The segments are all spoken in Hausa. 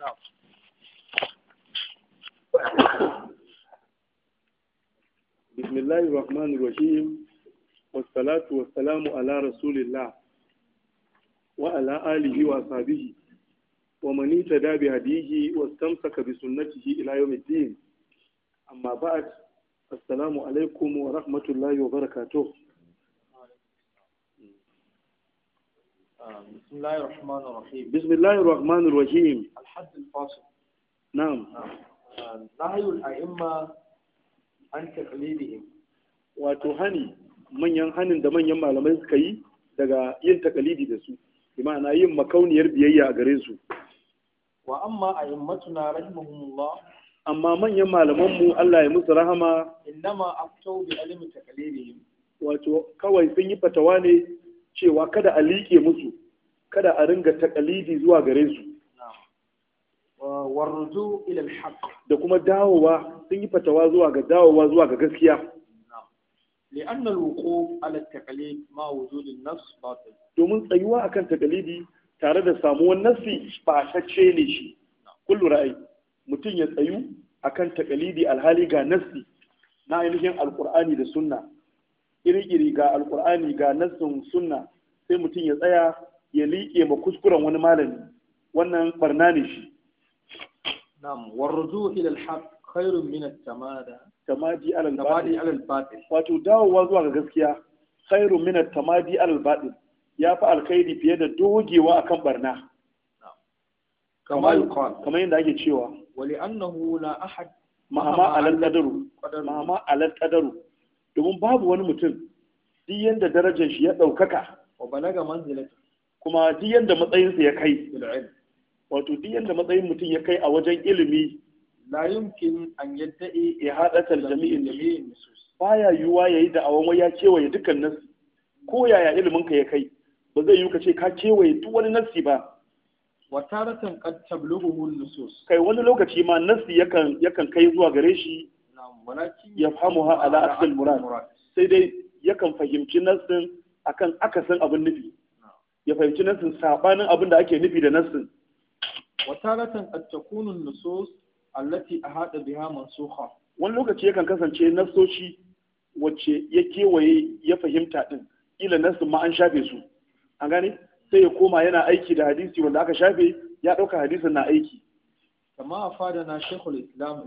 something else. Bismillah ar-Rahman ar-Rahim salamu ala Rasulullah wa ala alihi wa sahabihi wa manita da bi hadihi wa samsa ka bi mai din. Amma ba a salamu alaikum wa rahmatullahi wa barakatuhu. بسم الله الرحمن الرحيم بسم الله الرحمن الرحيم الحد الفاصل نعم نهي الأئمة عن تقليدهم da manyan malamai suka yi daga yin takalidi da su imana yin makauniyar biyayya a gare su wa amma a'immatuna rahimahumullah amma manyan malamanmu Allah ya musu rahama innama aftau bi alimi taqlidihim wato kawai sun yi fatawa ne cewa kada a liƙe musu kada a ringa takalidi zuwa gare su da kuma dawowa sun yi fatawa zuwa ga dawowa zuwa ga gaskiya لأن الوقوف على التقليد مع وجود النص باطل domin tsayuwa a kan takalidi tare da samuwar nasi fashacce ne shi kullu ra'ayi mutum ya tsayu a kan takalidi alhali ga nasi na ainihin Alƙur'ani da sunna kirikiri ga alkur'ani ga nassin sunna sai mutum ya tsaya ya liƙe ma kuskuren wani malami wannan barna ne shi na'am warruju ila alhaq khairun min at-tamada tamadi ala al-batil wato dawowa zuwa ga gaskiya khairun min at-tamadi ala al-batil ya fi alkhairi fiye da dogewa akan barna kama yuqal kamar yadda ake cewa wali annahu la ahad mahama alal qadaru mahama alal qadaru domin babu wani mutum duk yadda darajar shi ya ɗaukaka wa manzilata kuma duk yadda matsayinsa ya kai wato duk yadda matsayin mutum ya kai a wajen ilimi la yumkin an yadda'i ihadatal jami'in jami'in nusus baya yuwa yayi da awan ya kewaye dukkan nasi ko yaya ilimin ka ya kai ba zai yi ka ce ka kewaye duk wani nasi ba wa taratan qad tablughu nusus kai wani lokaci ma nasi yakan yakan kai zuwa gare shi ya famu ha ala asal murad sai dai yakan fahimci nassin akan akasin abin nufi ya fahimci nassin sabanin abin da ake nufi da nassin wataratan qad takunu an-nusus allati ahada biha mansukha wani lokaci yakan kasance nassoci wacce ya kewaye ya fahimta din ila nassin ma an shafe su an gane sai ya koma yana aiki da hadisi wanda aka shafe ya dauka hadisin na aiki kamar yadda shekul islam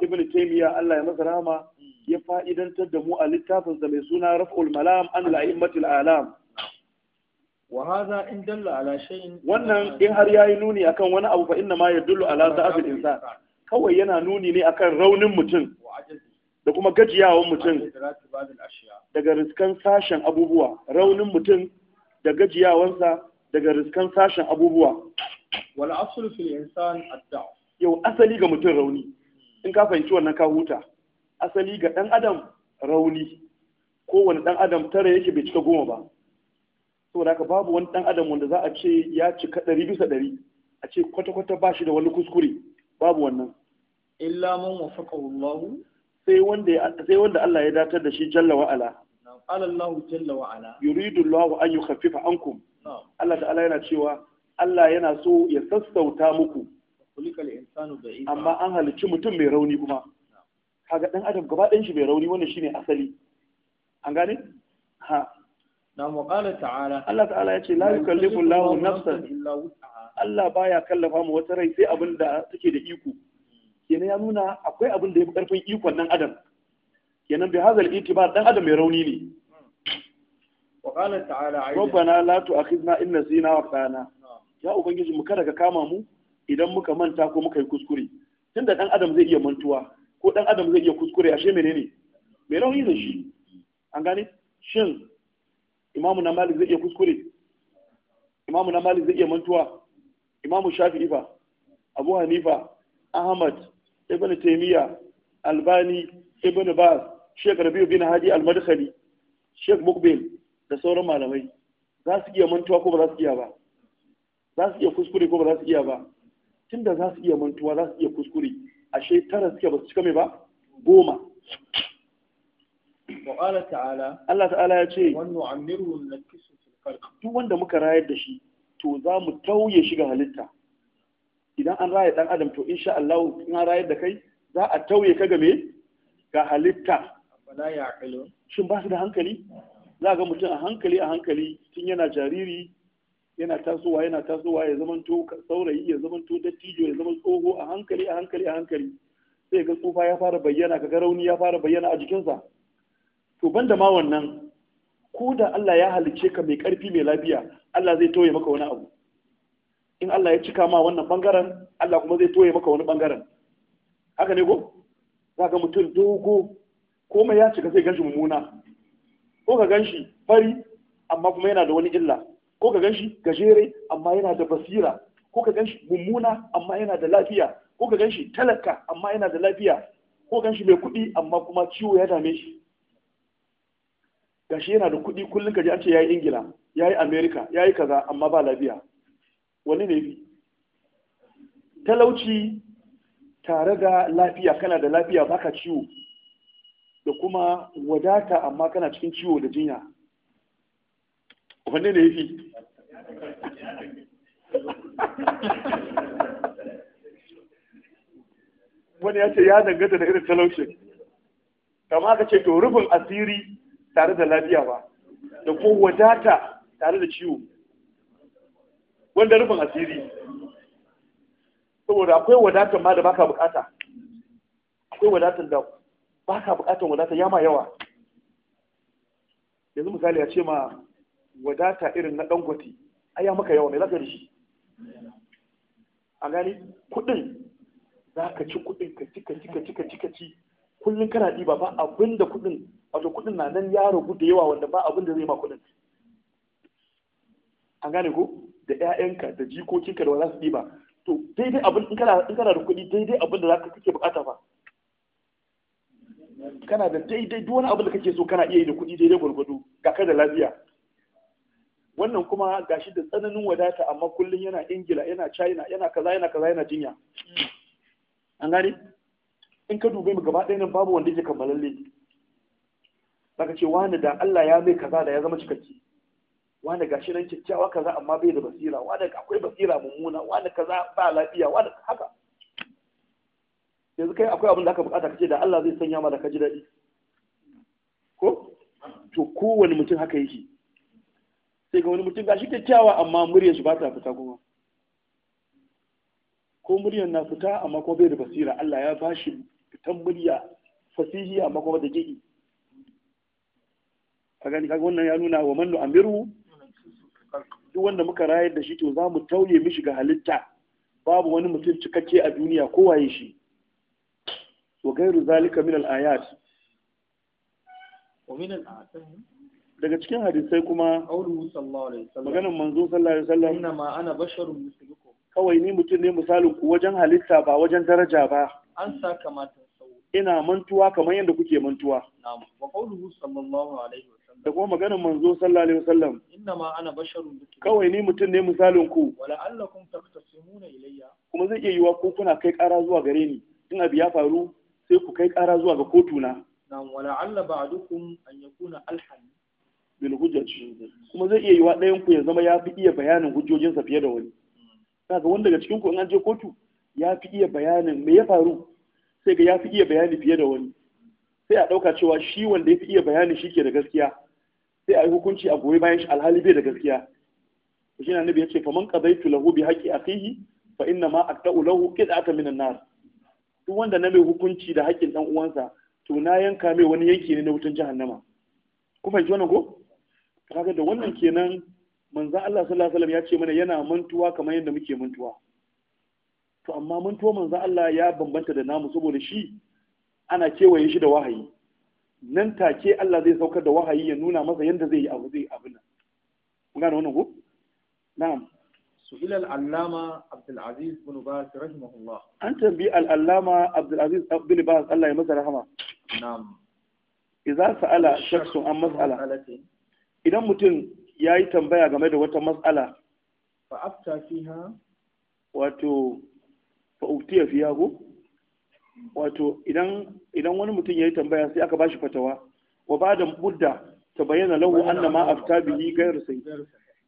ibn taymiya Allah ya masa rahama ya fa'idantar da mu a littafinsa mai suna raf'ul malam an la'immatil alam wa wannan in har yayi nuni akan wani abu fa inna ma yadullu ala da'afil insan kawai yana nuni ne akan raunin mutum da kuma gajiyawan mutum daga riskan sashen abubuwa raunin mutum da gajiyawansa daga riskan sashen abubuwa wala asalu fil insan ad-da'f yau asali ga mutum rauni in ka fahimci wannan ka huta asali ga dan adam rauni Ko wani dan adam tare yake bai cika goma ba saboda haka babu wani dan adam wanda za a ce ya cika ɗari bisa ɗari a ce kwata-kwata ba shi da wani kuskure babu wannan illa man wafaqahu Allah sai wanda sai wanda Allah ya datar da shi jalla wa ala qala Allah jalla wa ala yuridu Allah an yukhaffifa ankum Allah ta'ala yana cewa Allah yana so ya sassauta muku amma an halicci mutum mai rauni kuma kaga dan adam gaba ɗanshi shi mai rauni shi shine asali an gane ha na muqala ta'ala Allah ta'ala yace la yukallifu Allahu nafsan illa wus'aha Allah baya kallafa mu wata rai sai abin da take da iko kenan ya nuna akwai abin da ya fi karfin ikon dan adam kenan bi hazal itibar dan adam mai rauni ne وقال تعالى ربنا لا تؤاخذنا إن نسينا وأخطأنا ya ubangiji mu kada ka kama mu idan muka manta ko muka yi kuskure tunda dan adam zai iya mantuwa ko dan adam zai iya kuskure ashe menene me rauni da shi an gane shin imamu na malik zai iya kuskure imamu na malik zai iya mantuwa imamu shafi'i fa abu hanifa ahmad ibn taymiya albani ibn baz sheikh rabi'u bin hadi al-madkhali sheikh mukbil da sauran malamai za su iya mantuwa ko ba za su iya ba za su iya kuskure ko ba za su iya ba tunda za su iya mantuwa za su iya kuskure ashe shekara suke ba su cika mai ba goma Allah Ta'ala ya ce duk wanda muka rayar da shi to za mu tauye shi ga halitta idan an raya dan adam to insha Allah in an rayar da kai za a tauye ka ga me ga halitta shin ba su da hankali za ga mutum a hankali a hankali tun yana jariri yana tasowa yana tasowa ya to saurayi ya to dattijo ya zama tsoho a hankali a hankali a hankali sai ga tsufa ya fara bayyana kaga rauni ya fara bayyana a jikinsa to banda ma wannan ko da Allah ya halicce ka mai karfi mai lafiya Allah zai toye maka wani abu in Allah ya cika ma wannan bangaren Allah kuma zai toye maka wani bangaren haka ne ko zaka mutum dogo komai ya cika sai ganshi mummuna ko ka ganshi fari amma kuma yana da wani illa ko ka gan shi gajere amma yana da basira ko ka gan shi mummuna amma yana da lafiya ko ka gan shi talaka amma yana da lafiya ko gan shi mai kuɗi amma kuma ciwo ya dame shi gashi yana da kuɗi kullum ka ji an ce yayi ingila yayi america yayi kaza amma ba lafiya wani ne bi talauci tare da lafiya kana da lafiya baka ciwo da kuma wadata amma kana cikin ciwo da jinya wanne ne fi? wani ya ce ya danganta da irin talaushe, kama aka ce to rufin asiri tare da lafiya ba da ko wadata tare da ciwo wanda rufin asiri saboda akwai wadatan ma da baka bukata akwai wadatan da baka bukatan wadata yama yawa yanzu misali ya ce ma wadata irin na dangote ai ya maka yawa mai zaka rishi shi a gani kuɗin za ka ci kuɗin ka ci ka ci ka ci ka ci ka ci kullum kana ɗiba ba abin da kuɗin wato kudin na nan ya ragu da yawa wanda ba abin da zai ma kuɗin A gane ko da ƴaƴanka da jikokinka da wanda za su ɗiba to daidai abin in kana in kana da kuɗi daidai abin da zaka kake bukata fa kana da daidai duk wani abin da kake so kana iya yi da kuɗi daidai gwargwado ga kai da lafiya wannan kuma gashi da tsananin wadata amma kullum yana ingila yana china yana kaza yana kaza yana jinya mm. an gani in ka dube mu gaba ɗaya nan babu wanda yake kammalalle zaka ce wani da Allah ya mai kaza da ya zama cikakke wani gashi nan kyakkyawa kaza amma bai da basira wani akwai basira mummuna wani kaza ba lafiya wani haka yanzu kai akwai abin da aka bukata kace da Allah zai sanya ma da ka ji daɗi ko to kowane mutum haka yake sai ga wani mutum gashi kyakkyawa amma muryar shi ba ta fita kuma ko muryar na fita amma kuma bai da basira Allah ya bashi fitan murya fasihi amma kuma da gidi ka gani kaga wannan ya nuna wa mannu amiru duk wanda muka rayar da shi to za mu tauye mishi ga halitta babu wani mutum cikakke a duniya kowaye shi wa gairu zalika min al-ayat wa eh. daga cikin hadisai kuma maganin manzo sallallahu alaihi wasallam inna ma ana basharun mislukum kawai ni mutum ne misalin ku wajen halitta ba wajen daraja ba an sa kamata ina mantuwa kamar yadda kuke mantuwa na'am wa qawluhu sallallahu alaihi wasallam da kuma maganin manzo sallallahu alaihi wasallam inna ma ana basharun mislukum kawai ni mutum ne misalin ku wala allakum taqtasimuna ilayya kuma zai iya yiwa ko kuna kai ƙara zuwa gare ni in abu ya faru sai ku kai ƙara zuwa ga kotuna na'am wala alla ba'dukum an yakuna alhan bil kuma zai iya yiwa ɗayan ku ya zama ya fi iya bayanin hujjojinsa fiye da wani kaga wanda daga cikin ku in an je kotu ya fi iya bayanin me ya faru sai ga ya fi iya bayani fiye da wani sai a ɗauka cewa shi wanda ya fi iya bayani shi ke da gaskiya sai a yi hukunci a goyi bayan shi alhali bai da gaskiya shi na nabi ya ce faman qadaitu lahu bi haqqi akhihi fa inna ma aqta'u lahu qid'atan an nar duk wanda na mai hukunci da haƙƙin dan uwansa to na yanka mai wani yanki ne na wutan jahannama ku fahimci wannan ko kaga da wannan kenan manzo Allah sallallahu alaihi ya ce mana yana mantuwa kamar yadda muke mantuwa to amma mantuwa manzo Allah ya bambanta da namu saboda shi ana kewaye shi da wahayi nan take Allah zai saukar da wahayi ya nuna masa yadda zai yi abu zai abin nan kun gane wannan ko na'am سئل العلامة عبد العزيز بن باز رحمه الله أنت بي العلامة عبد العزيز بن باز الله يمسى رحمه نعم إذا سأل شخص عن مسألة idan mutum ya yi tambaya game da wata matsala fa fi ha wato fa uftiya fiha wato idan wani mutum ya yi tambaya sai aka bashi fatawa wa ba da mudda ta bayyana lahu anna ma afta bihi gayar sai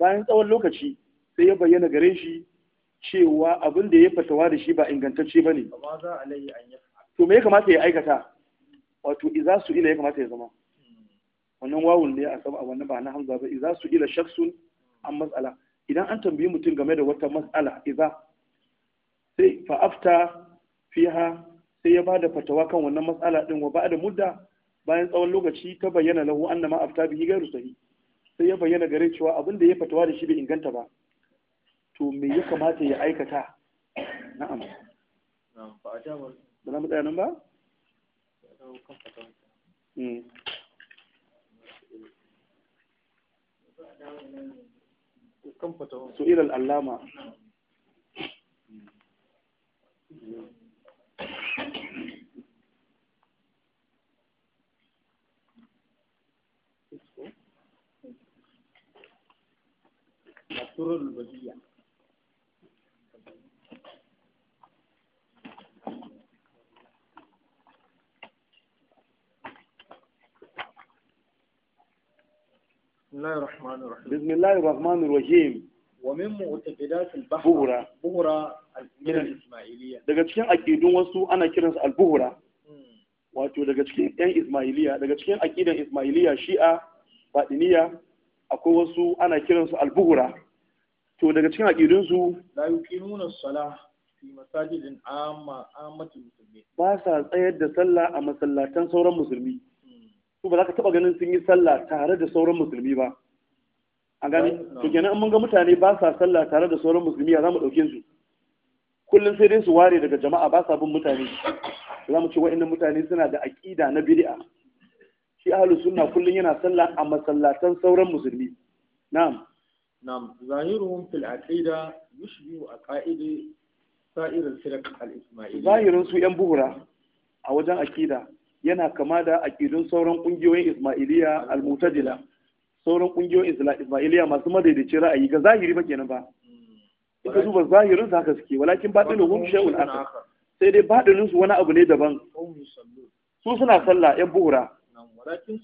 bayan tsawon lokaci sai ya bayyana gare shi cewa abin da ya fatawa da shi ba ingantacce bane to me ya kamata ya aikata wato idza su ila ya kamata ya zama wannan wawun ne a sama wannan ba na hamza ba idza su ila shakhsun an mas'ala idan an tambayi mutum game da wata mas'ala idza sai fa afta fiha sai ya bada fatawa kan wannan mas'ala din wa ba'da mudda bayan tsawon lokaci ta bayyana lahu annama afta bihi ghairu sahi sai ya bayyana gare cewa abin da ya fatawa da shi bai inganta ba to me ya kamata ya aikata na'am na'am ba a ba ba su irin allama السرور البديع بسم الله الرحمن الرحيم ومن معتقدات البهرة بهرة من الإسماعيلية daga cikin aqidun wasu ana kiransu al-buhra hmm. wato daga cikin ɗan Ismailiya daga cikin aqidan Ismailiya Shi'a Fadiniya akwai wasu ana kiransu al-buhra to daga cikin aqidun su la yuqimuna as-salah fi amma ammatul muslimin ba sa tsayar da sallah a masallatan sauran musulmi su ba za ka taba ganin sun yi sallah tare da sauran musulmi ba A gani to kenan an mun ga mutane ba sa sallah tare da sauran musulmi ya za mu ɗauke su kullum sai dai su ware daga jama'a ba sa bin mutane za mu ce wa'annan mutane suna da aƙida na bid'a shi ahlus sunna kullum yana sallah a masallatan sauran musulmi na'am na'am zahiruhum fil aqida yushbihu aqaidi sa'ir al-firq al-isma'iliyya zahirin su yan buhura a wajen aqida yana kama da aƙidun sauran ƙungiyoyin Ismailiyya al mutajila sauran ƙungiyoyin Ismailiyya masu madaidaici ra'ayi ga zahiri ba kenan ba hmm. ka duba zahirin su haka suke walakin batinuhum shay'un akhar sai dai batinin su wani abu ne daban su suna sallah yan buhura walakin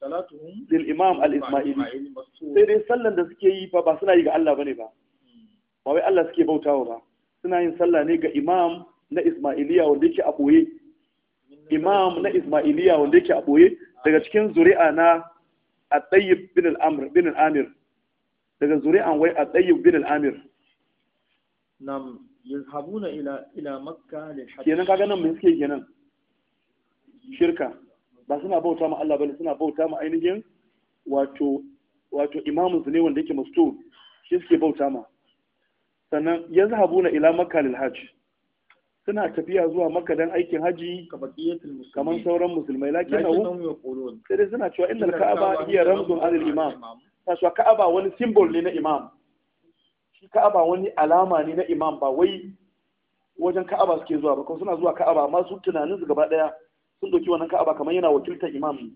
salatuhum lil imam al-Ismaili sai dai sallan da suke yi fa ba suna yi ga Allah bane ba hmm. ba wai Allah suke bautawa ba suna yin sallah ne ga imam na Ismailiyya wanda yake a boye imam na Ismailiya wanda yake a ɓoye daga cikin zuri'a na at bin al-Amr bin al-Amir daga zuri'an wai at bin al-Amir nam yazhabuna ila ila Makka lil hajj kenan kaga nan mun suke kenan shirka ba suna bauta ma Allah bane suna bauta ma ainihin wato wato imamun su ne wanda yake mustu shi suke bauta ma sannan yazhabuna ila Makka lil hajj suna tafiya zuwa maka dan aikin haji kamar sauran musulmai lakin nahu sai dai suna cewa innal ka'aba hiya ramzun alil imam ta cewa ka'aba wani symbol ne na imam shi ka'aba wani alama ne na imam ba wai wajen ka'aba suke zuwa ba kuma suna zuwa ka'aba amma su tunanin su gaba daya sun doki wannan ka'aba kamar yana wakiltar imam ne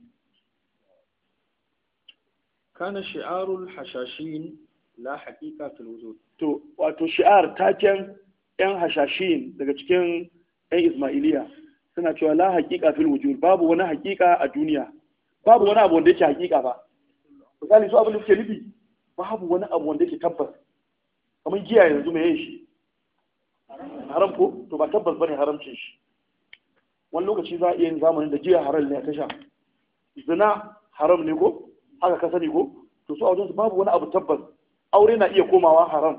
kana shi'arul hashashin la haqiqa wujud to wato shi'ar taken 'yan hashashin daga cikin 'yan ismailiya suna cewa la haƙiƙa fil wujud babu wani haƙiƙa a duniya babu wani abu wanda yake haƙiƙa ba misali su abin da suke nufi babu wani abu wanda yake tabbas kamar giya yanzu mai yin shi haram ko to ba tabbas bane haramcin shi wani lokaci za a iya yin zamanin da giya haram ne a tasha zina haram ne ko haka ka sani ko to su a wajen su, babu wani abu tabbas aure na iya komawa haram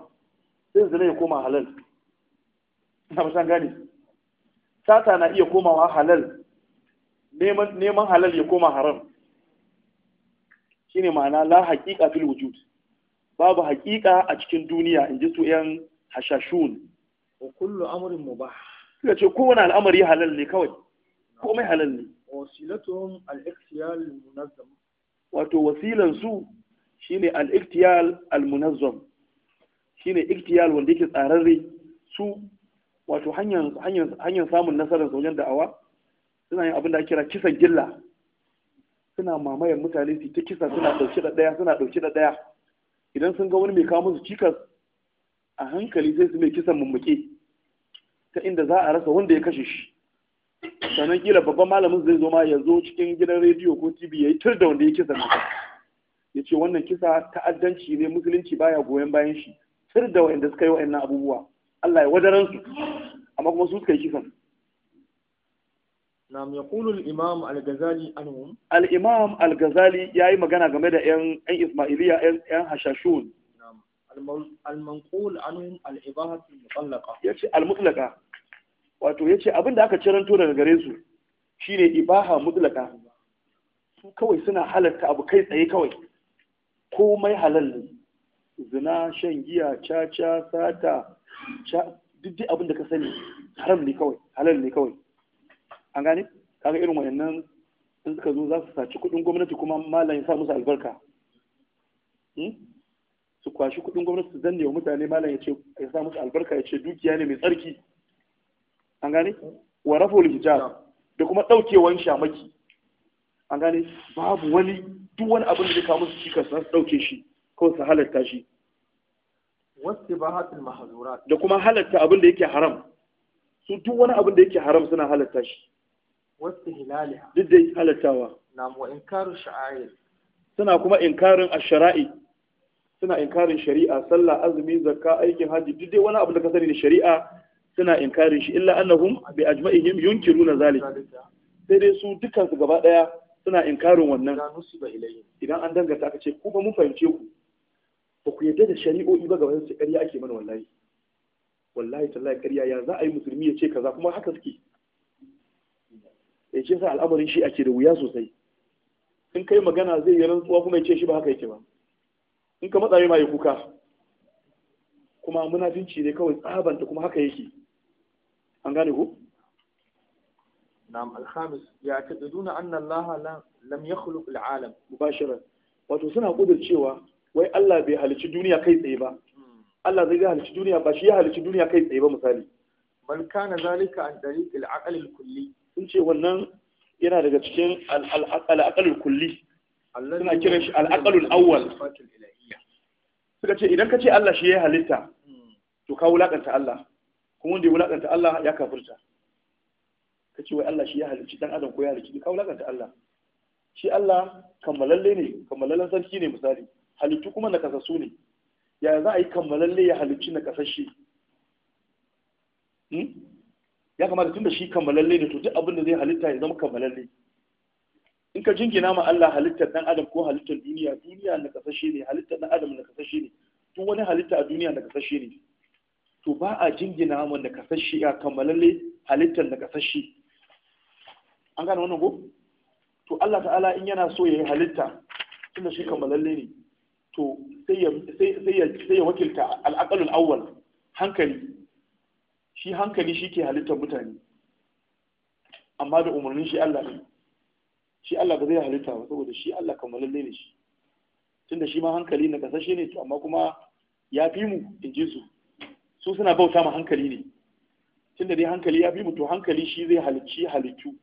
sai zina ya koma halal na ba gane sata na iya komawa halal neman halal ya koma haram shine ma'ana la haqiqa fil wujud babu haqiqa a cikin duniya inji su yan hashashun wa kullu amrin mubah suka ce kowane al'amari halal ne kawai komai halal ne wasilatuhum al-iktiyal munazzam wato wasilan su shine al-iktiyal al-munazzam shine iktiyal wanda yake tsararre su wato hanyar samun nasarar da da'awa suna yin abin da kira kisan gilla suna mamayar mutane su ta kisa suna ɗauke da ɗaya suna da ɗaya idan sun ga wani mai kawo musu cikas a hankali sai su mai kisan mummuke ta inda za a rasa wanda ya kashe shi sannan kila babban malamin zai zo ma ya zo cikin gidan rediyo ko tv ya yi tur da wanda ya kisa ya ce wannan kisa ta'addanci ne musulunci baya goyon bayan shi tur da wanda suka yi wa'annan abubuwa Allah ya wadaran su amma kuma su suka yi kisan nam yaqulu al-imam al-ghazali anhum al-imam al-ghazali yayi magana game da yan yan ismailiya yan yan hashashun al-manqul anhum al-ibahat al mutallaqa yace al-mutlaqa wato yace abinda aka ciranto daga gare su shine ibaha mutlaqa su kawai suna halatta abu kai tsaye kawai komai halal ne zina shan giya caca sata duk dai abin da ka sani haram ne kawai halal ne kawai an gane kaga irin wayannan in suka zo za su saci kuɗin gwamnati kuma malam ya sa musu albarka hmm? su kwashi kuɗin gwamnati su danne wa mutane malam ya ce ya sa musu albarka ya ce dukiya ne mai tsarki an gane wa raful hijab da kuma daukewan shamaki an gane babu wani duk wani abin da zai kawo musu cikas na su ɗauke shi kawai su halatta shi wastibahatul mahzurat da kuma halatta abin da yake haram su duk wani abin da yake haram suna halatta shi wastihlaliha duk da halattawa nam wa suna kuma inkarin ash-shara'i suna inkarin shari'a sallah azumi zakka aikin haji duk dai wani abu da ka sani ne shari'a suna inkarin shi illa annahum bi ajma'ihim yunkiruna zalik sai dai su dukkan su gaba daya suna inkarin wannan idan an dangata aka ce ku ba mun fahimce ku ba ku yadda da shari'o'i ba gaban su ƙarya ake mana wallahi wallahi tallahi ƙarya ya za a yi musulmi ya ce kaza kuma haka suke eh, ya ce sa al'amarin shi ake da wuya sosai in kai magana zai yi rantsuwa kuma ya ce shi ba haka yake ba in ka matsa ma ya kuka kuma munafinci ne kawai tsabanta kuma haka yake an gane ku na'am alhamis ya taqiduna anna annallaha lam yakhluq al'alam mubashiran wato suna kudur cewa wai Allah bai halici duniya kai tsaye ba Allah zai halici duniya ba shi ya halici duniya kai tsaye ba misali bal kana zalika an tariq al aql al kulli sun ce wannan yana daga cikin al aql al kulli suna kiran shi al aql al awwal suka ce idan ka ce Allah shi ya halitta hmm. to ka wulakanta Allah kuma wanda ya wulakanta Allah ya kafirta ka ce wai Allah shi ya halicci dan adam ko ya halicci ka wulakanta Allah shi Allah kammalalle ne kammalallen sarki ne misali halittu kuma nakasassu ne ya za a yi kammalalle ya halicci nakasashe hmm? ya kamata tun da shi kammalalle ne to duk abin da zai halitta ya zama kammalalle in ka jingina ma Allah halittar dan adam ko halittar duniya duniya nakasashe ne halittar dan adam nakasashe ne duk wani halitta a duniya nakasashe ne to ba a jingina ma nakasashe ya kammalalle halittar nakasashe an gane wannan ko to Allah ta'ala in yana so ya yi halitta tun da shi kammalalle ne to sai ya wakilta al'aƙalul awal hankali shi hankali shi ke halittar mutane amma da umarnin shi Allah ne shi Allah ba zai halitta ba saboda shi Allah kammalalle ne shi tunda shi ma hankali na kasashe ne to amma kuma ya fi mu in ji su su suna bauta ma hankali ne tunda dai hankali ya fi mu to hankali shi zai halicci halittu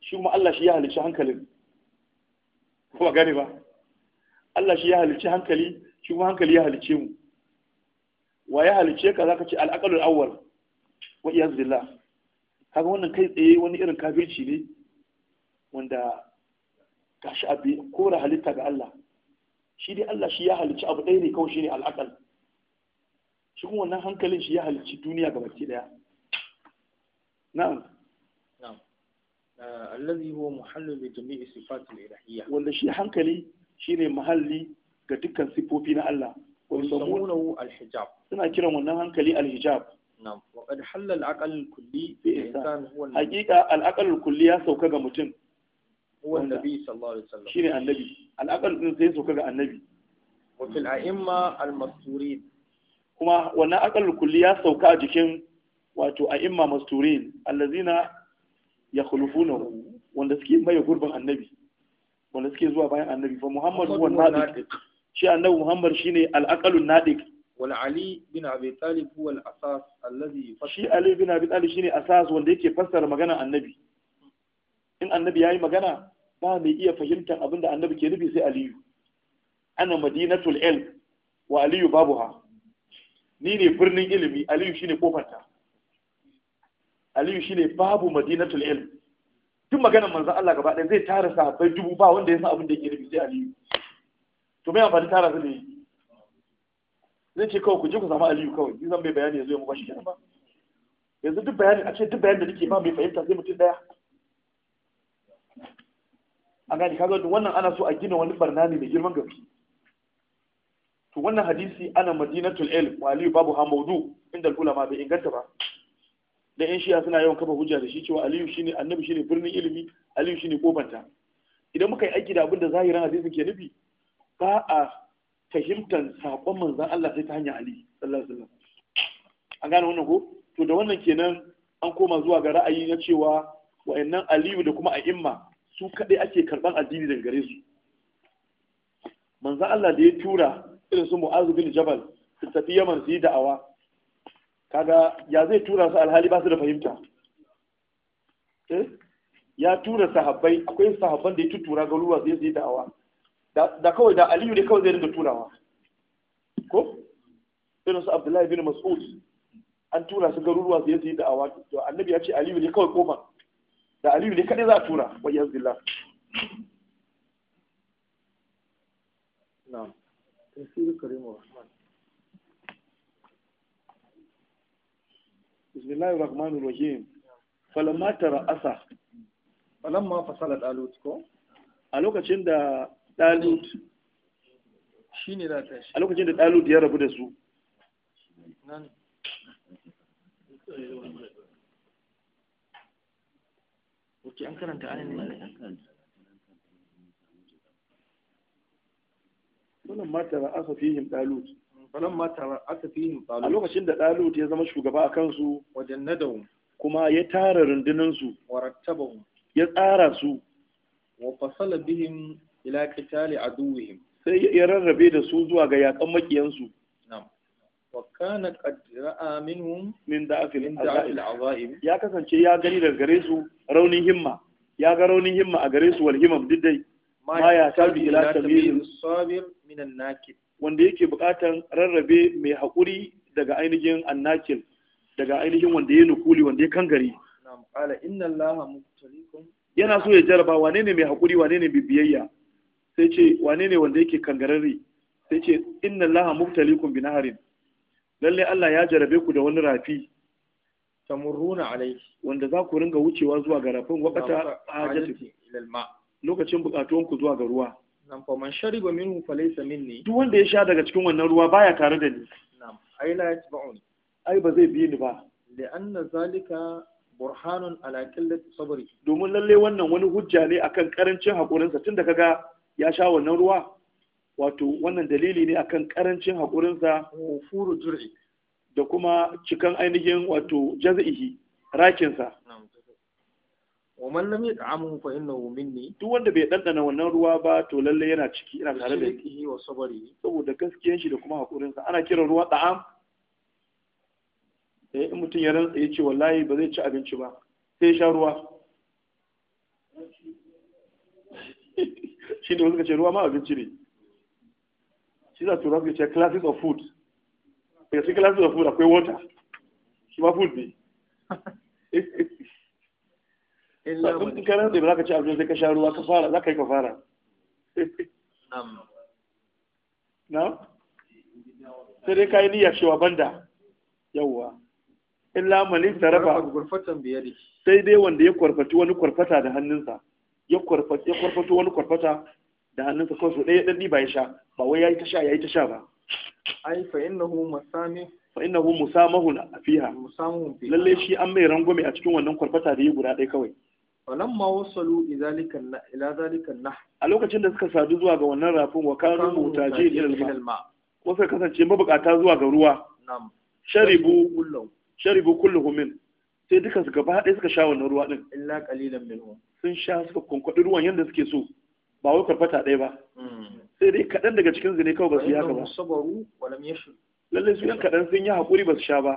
shi kuma Allah shi ya halicci hankalin ba gane ba Allah shi ya halicci hankali shi kuma hankali ya halicce mu wa ya halicce ka zaka ce al-aqlul awwal wa iyazillah kaga wannan kai tsaye wani irin kafirci ne wanda gashi abi kora halitta ga Allah shi dai Allah shi ya halicci abu ɗaya ne kawai shine al-aqal shi kuma wannan hankalin shi ya halicci duniya ga baki daya na'am na'am الذي هو محلل لجميع jami'i الالهيه ولا wanda shi hankali shine mahalli ga dukkan sifofi na Allah Wasu yusammunahu al-hijab suna kiran wannan hankali al-hijab na'am wa qad halal aqal kulli fi insan huwa haqiqa al ya sauka ga mutum huwa shine annabi al-aqal din sai sauka ga annabi wa a'imma al-masturin kuma wannan aqal kulli ya sauka a jikin wato a'imma masturin allazina yakhlufunahu wanda suke mai gurbin annabi wanda suke zuwa bayan annabi fa muhammad huwa nadiq shi annabi muhammad shine al-aqalun nadiq wal ali bin abi talib huwa al-asas alladhi shi ali bin abi talib shine asas wanda yake fassara magana annabi in annabi yayi magana ba mai iya fahimtar abin da annabi ke nufi sai aliyu ana madinatul ilm wa aliyu babuha ni ne birnin ilimi aliyu shine kofarta aliyu shine babu madinatul ilm duk maganar manzo Allah gaba ɗaya zai tara sahabbai dubu ba wanda ya san abin da yake nufi sai Aliyu to me amfani tara su ne zai ce kawai ku je ku samu Aliyu kawai ni zan bai bayani yanzu ya muku shi kenan ba yanzu duk bayani a ce duk bayani da nake ba mai fahimta sai mutum daya a gani kaga wannan ana so a gina wani barna ne mai girman gaske to wannan hadisi ana madinatul ilm wa aliyu babu ha maudu inda ulama bai inganta ba da yan shiya suna yawan kafa hujja da shi cewa aliyu shine annabi shine birnin ilimi aliyu shine kofanta idan muka yi aiki da abin da zahirin hadisin ke nufi ba a fahimtar sakon manzon Allah sai ta hanyar ali sallallahu alaihi wasallam an gane wannan ko to da wannan kenan an koma zuwa ga ra'ayi na cewa wayannan aliyu da kuma a'imma su kadai ake karban addini daga gare su manzon Allah da ya tura irin su Mu'azu bin Jabal su tafi Yaman su yi da'awa kaga ya zai tura su alhali ba su da fahimta eh? ya tura sahabbai akwai sahabban da ya tutura ga ruwa zai zai da'awa da kawai da aliyu ne kawai zai rinda turawa ko irin su abdullahi bin mas'ud an tura su garuruwa zai zai da'awa to annabi ya ce aliyu ne kawai koma da aliyu ne kadai za a tura wa yanzu billah na'am tafsir karimawa bismillahir rahmanir rahim falamma tara'asa falamma fasala dalut ko a lokacin da dalut shine da tashi a lokacin da ya rabu da su falan ma tara aka fi yin a lokacin da ɗalut ya zama shugaba a kansu wajen nadawun kuma ya tara rundunansu wa rattabahum ya tsara su wa fasala bihim ila qitali aduwihim sai ya rarrabe da su zuwa ga yakan makiyansu na'am wa kana qad ra'a minhum min da'afil azaim ya kasance ya gani daga gare su raunin himma ya ga raunin himma a gare su wal himam diddai ma ya tabi ila tabi'in sabir min an-nakid wanda yake buƙatar rarrabe mai haƙuri daga ainihin annakil daga ainihin wanda ya nukuli wanda ya kangare yana so ya jaraba wane ne mai haƙuri wane ne bibiyayya sai ce wane ne wanda yake kangararre sai ce inna allaha mubtalikum bi naharin lalle Allah ya jarabe ku da wani rafi tamurruna alai wanda za ku ringa wucewa zuwa ga rafin waqata hajati ila lokacin bukatuwanku zuwa ga ruwa nan fa man shariba minhu fa laysa minni duk wanda ya sha daga cikin wannan ruwa baya tare da ni na'am ai la yatba'un ai ba zai bi ni ba anna zalika burhanun ala qillati sabri domin lalle wannan wani hujja ne akan karancin hakurinsa tunda kaga ya sha wannan ruwa wato wannan dalili ne akan karancin hakurinsa furu jur'i da kuma cikan ainihin wato jaz'ihi rakinsa wa man lam yat'amhu fa innahu minni duk wanda bai dandana wannan ruwa ba to lalle yana ciki ina tare da shi wa sabari saboda gaskiyan shi da kuma hakurin sa ana kiran ruwa da'am sai eh, in mutum ya rantsa ya ce wallahi ba zai ci abinci ba sai ya sha ruwa shi ne wanda ce ruwa ma abinci ne shi za su rafi ce classes of food daga cikin classes of food akwai water shi ma food ne illa man in kana da ba ka ci abinci sai ka sha ruwa kafara za ka yi kafara na'am na'am sai dai kai niyya cewa banda yawwa illa man iftarafa gurfatan biyadi sai dai wanda ya kwarfati wani kwarfata da hannunsa ya kwarfata ya kwarfato wani kwarfata da hannunsa kawai su ɗaya ɗan ba ya sha ba wai yayi ta sha yayi ta sha ba ai fa innahu masami fa innahu musamahun fiha musamahun fiha lalle shi an mai rangwame a cikin wannan kwarfata da yi guda ɗaya kawai falamma wasalu ila zalika nah a lokacin da suka sadu zuwa ga wannan rafin wa kanu mutaji ila alma ko sai kasance mabukata zuwa ga ruwa na'am sharibu kullu sharibu kulluhum min sai duka su gaba ɗaya suka sha wannan ruwa din illa qalilan minhum sun sha suka kunkwadi ruwan yanda suke so ba wai karfata ɗaya ba hmm. sai dai kaɗan daga cikin zine kawai ba su yi haka ba sabaru yashu lalle su yan kaɗan sun yi haƙuri ba su sha ba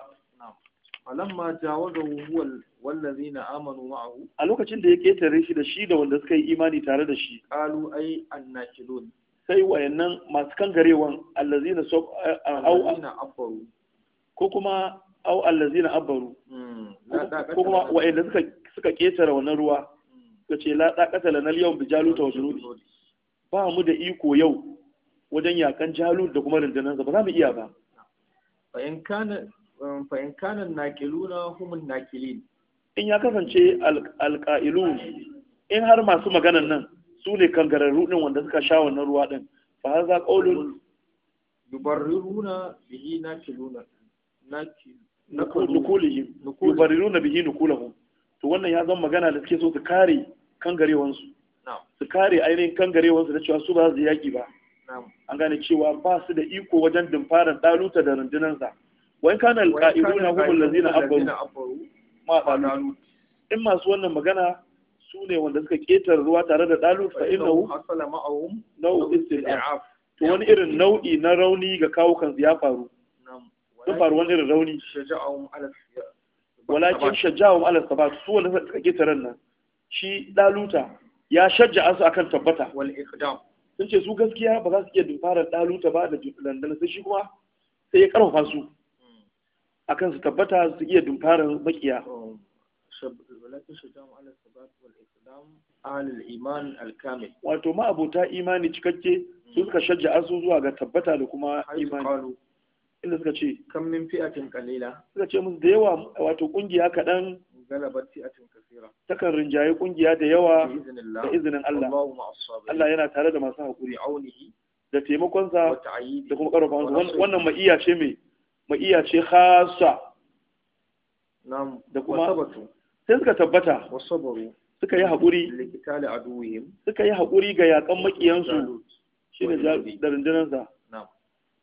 falamma jawaza huwal wallazina amanu ma'ahu a lokacin da ya ketare shi da shi da wanda suka yi imani tare da shi qalu ay annakilun sai wayannan masu garewan allazina sab au abaru ko kuma au allazina abaru hmm, ko kuma wayanda suka suka ketare wannan ruwa hmm. kace la da lana al-yawm bi jalut wa junud ba mu da iko yau wajen yakan jalu da kuma rundunansa ba za mu iya ba fa in kana fa in kana nakiluna humun nakilin in ya kasance alƙa'ilu in har masu maganan nan su ne kangararru ɗin wanda suka sha wannan ruwa ɗin Ba har za ƙaunin yubarriruna bihi na bihi yubarriruna bihi to wannan ya zama magana da suke so su kare kangarewansu su kare ainihin kangarewansu da cewa su ba su yaƙi ba an gane cewa ba su da iko wajen dimfarar ɗaluta da rundunansa wa in kana na hukun lazina abbaru ma ɗalut in masu wannan magana su ne wanda suka ƙetare ruwa tare da ɗalut fa innahu hasala ma'ahum nau'u istiaf to wani irin nau'i na rauni ga kan ya faru sun faru wani irin rauni walakin shaja'um ala sabat su wanda suka ƙetare nan shi ɗaluta ya shajja su akan tabbata sun ce su gaskiya ba za su iya dubarar ɗaluta ba da dandana sai shi kuma sai ya karfafa su akan su tabbata su iya dumfara makiya wato ma abota imani cikakke su suka shajja su zuwa ga tabbata da kuma imani inda suka ce kam min fi'atin qalila suka ce musu da yawa wato kungiya kadan galabat fi'atin kaseera takan rinjaye kungiya da yawa da izinin Allah Allah yana tare da masu hakuri aunihi da taimakonsa da kuma karfafa wannan ma'iya ce mai iya ce khasa nam da kuma sai suka tabbata wasabaru suka yi haƙuri likitali aduwihim suka yi haƙuri ga yakan makiyansu shine da rundunansa nam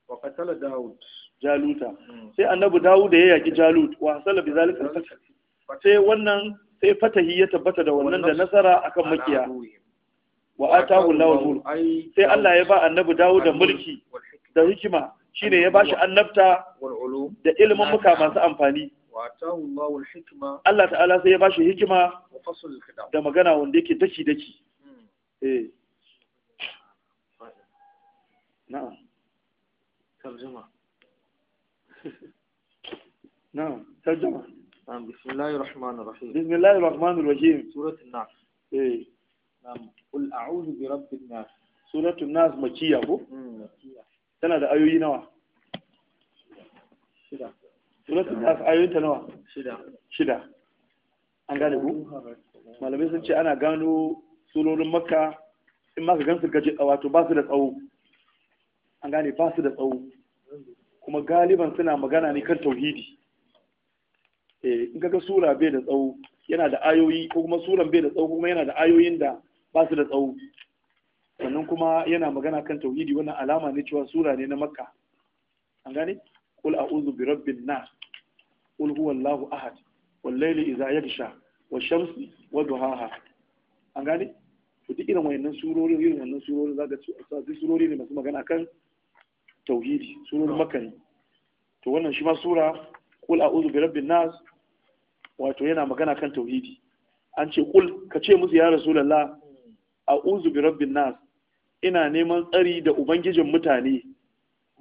wa qatala daud jaluta hmm. sai annabi da ya yaki jalut wa hasala bi zalika sai wannan sai fatahi ya tabbata da wannan da nasara akan makiya wa atahu lahu sai Allah ya ba annabi dawud da mulki da hikima Shi ne ya ba shi annabta da ilimin muka masu amfani Allah ta'ala sai ya ba shi hikima da magana wanda yake daki daki hmm. eh. na'am na'am بسم الله الرحمن الرحيم سورة الناس نعم قل أعوذ برب الناس سورة الناس مكية مكية tana da ayoyi nawa shida suratul nas ayoyin ta nawa shida shida an gane ku malamai sun ce ana gano surorin makka in maka gansu gaje wato ba su da tsawo an gane ba su da tsawo kuma galiban suna magana ne kan tauhidi eh, in kaga sura bai da tsawo yana da ayoyi ko kuma suran bai da tsawo kuma yana da ayoyin da ba su da tsawo sannan kuma yana magana kan tauhidi wannan alama ne cewa sura ne na makka an gane kul a'udhu bi rabbin nas huwa allahu ahad wal layli idha yaghsha wa shamsi duhaha an gane to duk irin wayannan surori irin wannan surori zaka ci su surori ne masu magana kan tauhidi Surori makka ne to wannan shi ma sura kul a'udhu bi rabbin nas wato yana magana kan tauhidi an ce kul ka ce musu ya rasulullah a'udhu bi rabbin nas ina neman tsari da ubangijin mutane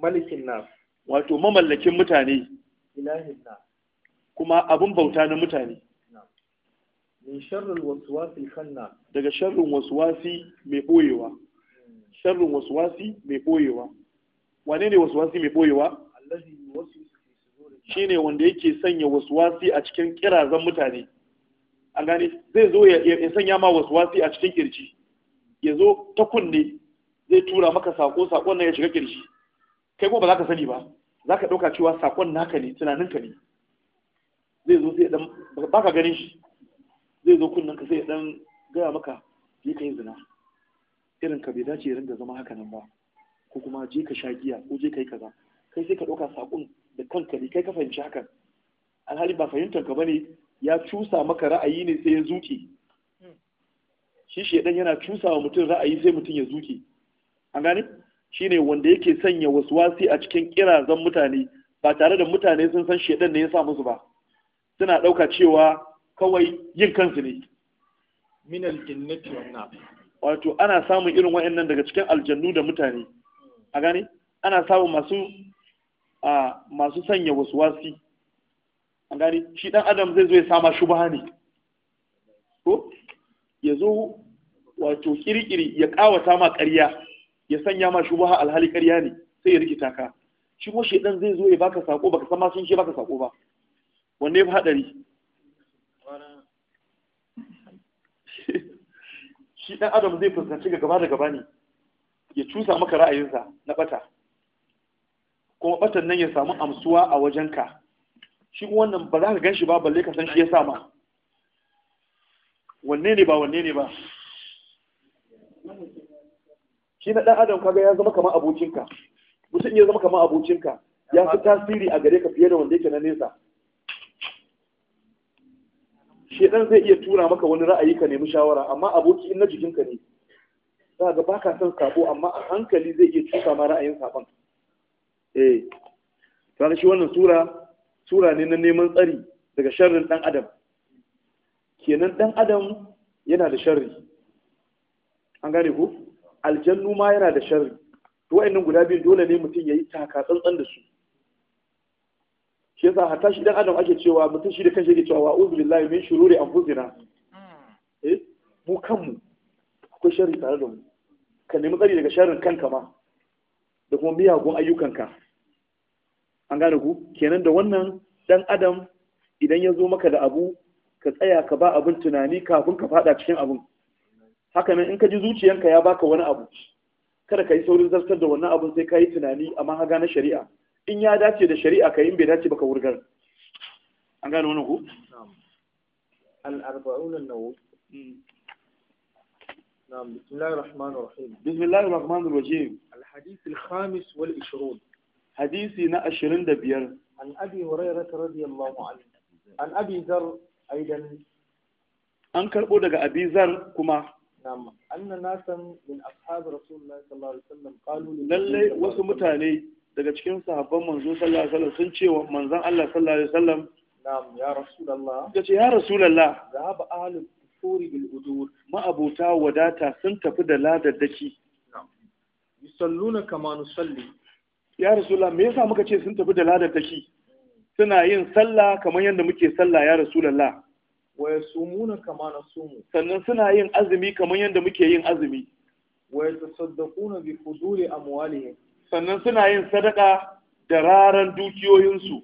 malikin na wato mamallakin mutane ilahin na kuma abin bauta na mutane min sharrin waswasi khanna daga sharrin waswasi mai boyewa hmm. sharrin waswasi mai boyewa wane ne waswasi mai boyewa allazi yuwaswisu shine wanda yake sanya waswasi a cikin kirazan mutane a gane zai zo ya sanya ma waswasi a cikin kirji ya zo ta kunne zai tura maka sako sakon nan ya shiga kirji kai ko ba za ka sani ba za ka ɗauka cewa sakon naka ne tunaninka ne zai zo sai dan ba ka ganin shi zai zo kunnen ka sai dan gaya maka je ka yi zina irin ka bai dace ringa zama haka nan ba ko kuma je ka sha giya ko je ka yi kaza kai sai ka ɗauka sakon da kanka ne kai ka fahimci hakan alhali ba fahimtar ka bane ya cusa maka ra'ayi ne sai ya zuke hmm. shi dan yana cusa wa mutum ra'ayi sai mutum ya zuke an gane Shi ne wanda yake sanya wasu wasi a cikin kirazan mutane ba tare da mutane sun san shaidan ne ya sa musu ba suna ɗauka cewa kawai yin kansu ne min aljinnati na. wato ana samun irin wayannan daga cikin aljannu da mutane a gane ana samun masu a masu sanya wasi an gane shi dan adam zai zo ya sama shubha ne ko ya zo wato kirkiri ya kawata ma ƙarya ya sanya ma shubaha alhali ƙarya ne sai ya rikita ka shi ko shedan zai zo ya baka sako baka san ma sun shi baka sako ba wanne ya fi hadari shi dan adam zai fuskanci ga gaba da gaba ne ya cusa maka ra'ayinsa na bata kuma batan nan ya samu amsuwa a wajenka shi wannan ba za ka gan shi ba balle ka san shi ya sama wanne ne ba wanne ne ba shi na ɗan adam kaga ya zama kamar abokinka mutum ya zama kamar abokinka ya fi tasiri a gare ka fiye da wanda yake na nesa ɗan zai iya tura maka wani ra'ayi ka nemi shawara amma aboki in na jikinka ne za ga baka son sabo amma a hankali zai iya cuta ma ra'ayin sabon eh kaga shi wannan sura sura ne na neman tsari daga sharrin dan adam kenan dan adam yana da sharri an gane ku aljannu ma yana da sharri to wa'annan guda biyu dole ne mutum ya yi taka tsantsan da su shi yasa hatta shi dan adam ake cewa mutum shi da kanshi yake cewa wa'udhu billahi min shururi anfusina hmm. eh mu kanmu akwai sharri tare da mu ka nemi tsari daga sharrin kanka ma da kuma miyagun ayyukanka an gane ku kenan da wannan dan adam idan ya zo maka da abu ka tsaya ka ba abin tunani kafin ka fada cikin abin haka nan in ka ji zuciyanka ya baka wani abu kada ka yi saurin zartar da wannan abun sai ka yi tunani a mahaga na shari'a in ya dace da shari'a ka yi in bai dace baka wurgar an gane wani ku نعم بسم الله الرحمن الرحيم بسم الله الرحمن الرحيم الحديث الخامس والعشرون دبير عن أبي هريرة رضي الله عنه عن أبي ذر أيضا an karɓo daga abizar kuma نعم أن ناسا من أصحاب رسول الله صلى الله عليه وسلم قالوا لله وسمتاني daga cikin sahabban manzo sallallahu alaihi wasallam sun ce wa manzon Allah sallallahu alaihi wasallam na'am ya rasulullah ya ce ya rasulullah zahaba ahlul kufuri bil udur ma abuta wadata sun tafi da ladaddaki na'am yusalluna kama nusalli ya rasulullah me yasa muka ce sun tafi da ladaddaki suna yin sallah kamar yadda muke sallah ya rasulullah su muna kama sumu? sannan suna yin azumi kamar yadda muke yin azumi su yatasaddaquna bi fuduli amwalihim sannan suna yin sadaka da raran dukiyoyinsu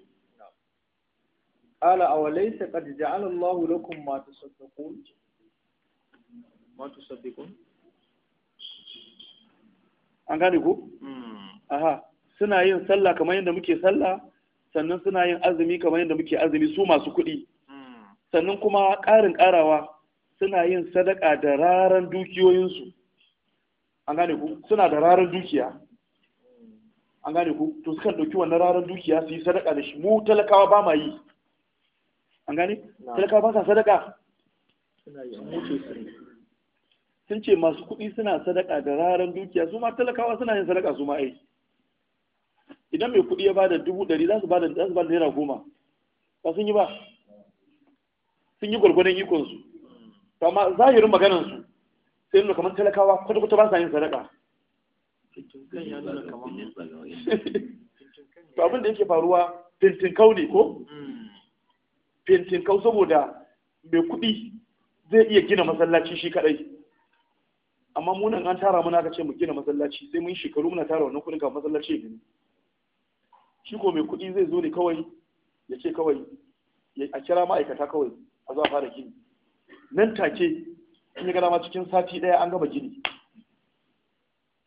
ala laysa qad ja'ala Allahu lakum ma tusaddiqun ma tusaddiqun an gane ku hmm. aha suna yin sallah kamar yadda muke sallah sannan suna yin azumi kamar yadda muke azumi su masu kuɗi sannan kuma ƙarin ƙarawa suna yin sadaka da raran dukiyoyinsu an gane ku suna da raran dukiya an gane ku to sukan ɗauki wannan raran dukiya su yi sadaka da shi mu talakawa ba ma yi an gane talakawa ba sa sadaka sun ce masu kuɗi suna sadaka da raran dukiya su ma talakawa suna yin sadaka su ma ai eh. idan mai kuɗi ya bada dubu ɗari za su bada naira goma ba sun yi ba sun yi gwargwadon ikonsu to amma zahirin su sai nuna kamar talakawa kwata-kwata ba sa yin sadaka to abin da yake faruwa fintinkau ne ko fintinkau hmm. saboda mai kuɗi zai iya gina masallaci shi kadai amma munan an tara muna aka ce mu gina masallaci sai mun shekaru muna tara wannan kuɗin kafin masallaci ne. shi ko mai kuɗi zai zo ne kawai ya ce kawai a kira ma'aikata kawai a zuwa fara gini nan take in ya gada ma cikin sati ɗaya an gama gini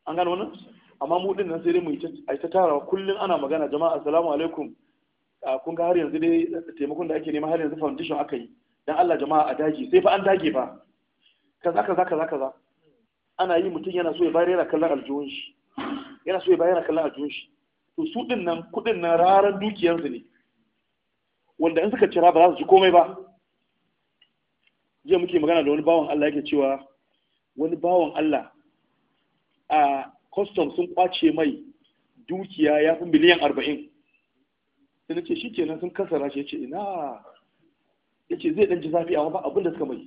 an gano wannan amma mu din nan sai dai mu yi ta tarawa kullum ana magana jama'a assalamu alaikum kun ga har yanzu dai taimakon da ake nema har yanzu foundation aka yi dan Allah jama'a a dage sai fa an dage fa kaza kaza kaza kaza ana yi mutum yana so ya bayar yana kallon aljihun shi yana so ya bayar yana kallon aljuhun shi to su din nan kudin nan raran dukiyarsu ne wanda in suka cira ba za su ji komai ba jiya muke magana da wani bawan Allah yake cewa wani bawan Allah a custom sun kwace mai dukiya ya fi miliyan arba'in sai na ce shi kenan sun kasara shi ya ce ina ya ce zai ɗanci zafi amma ba abin da suka mai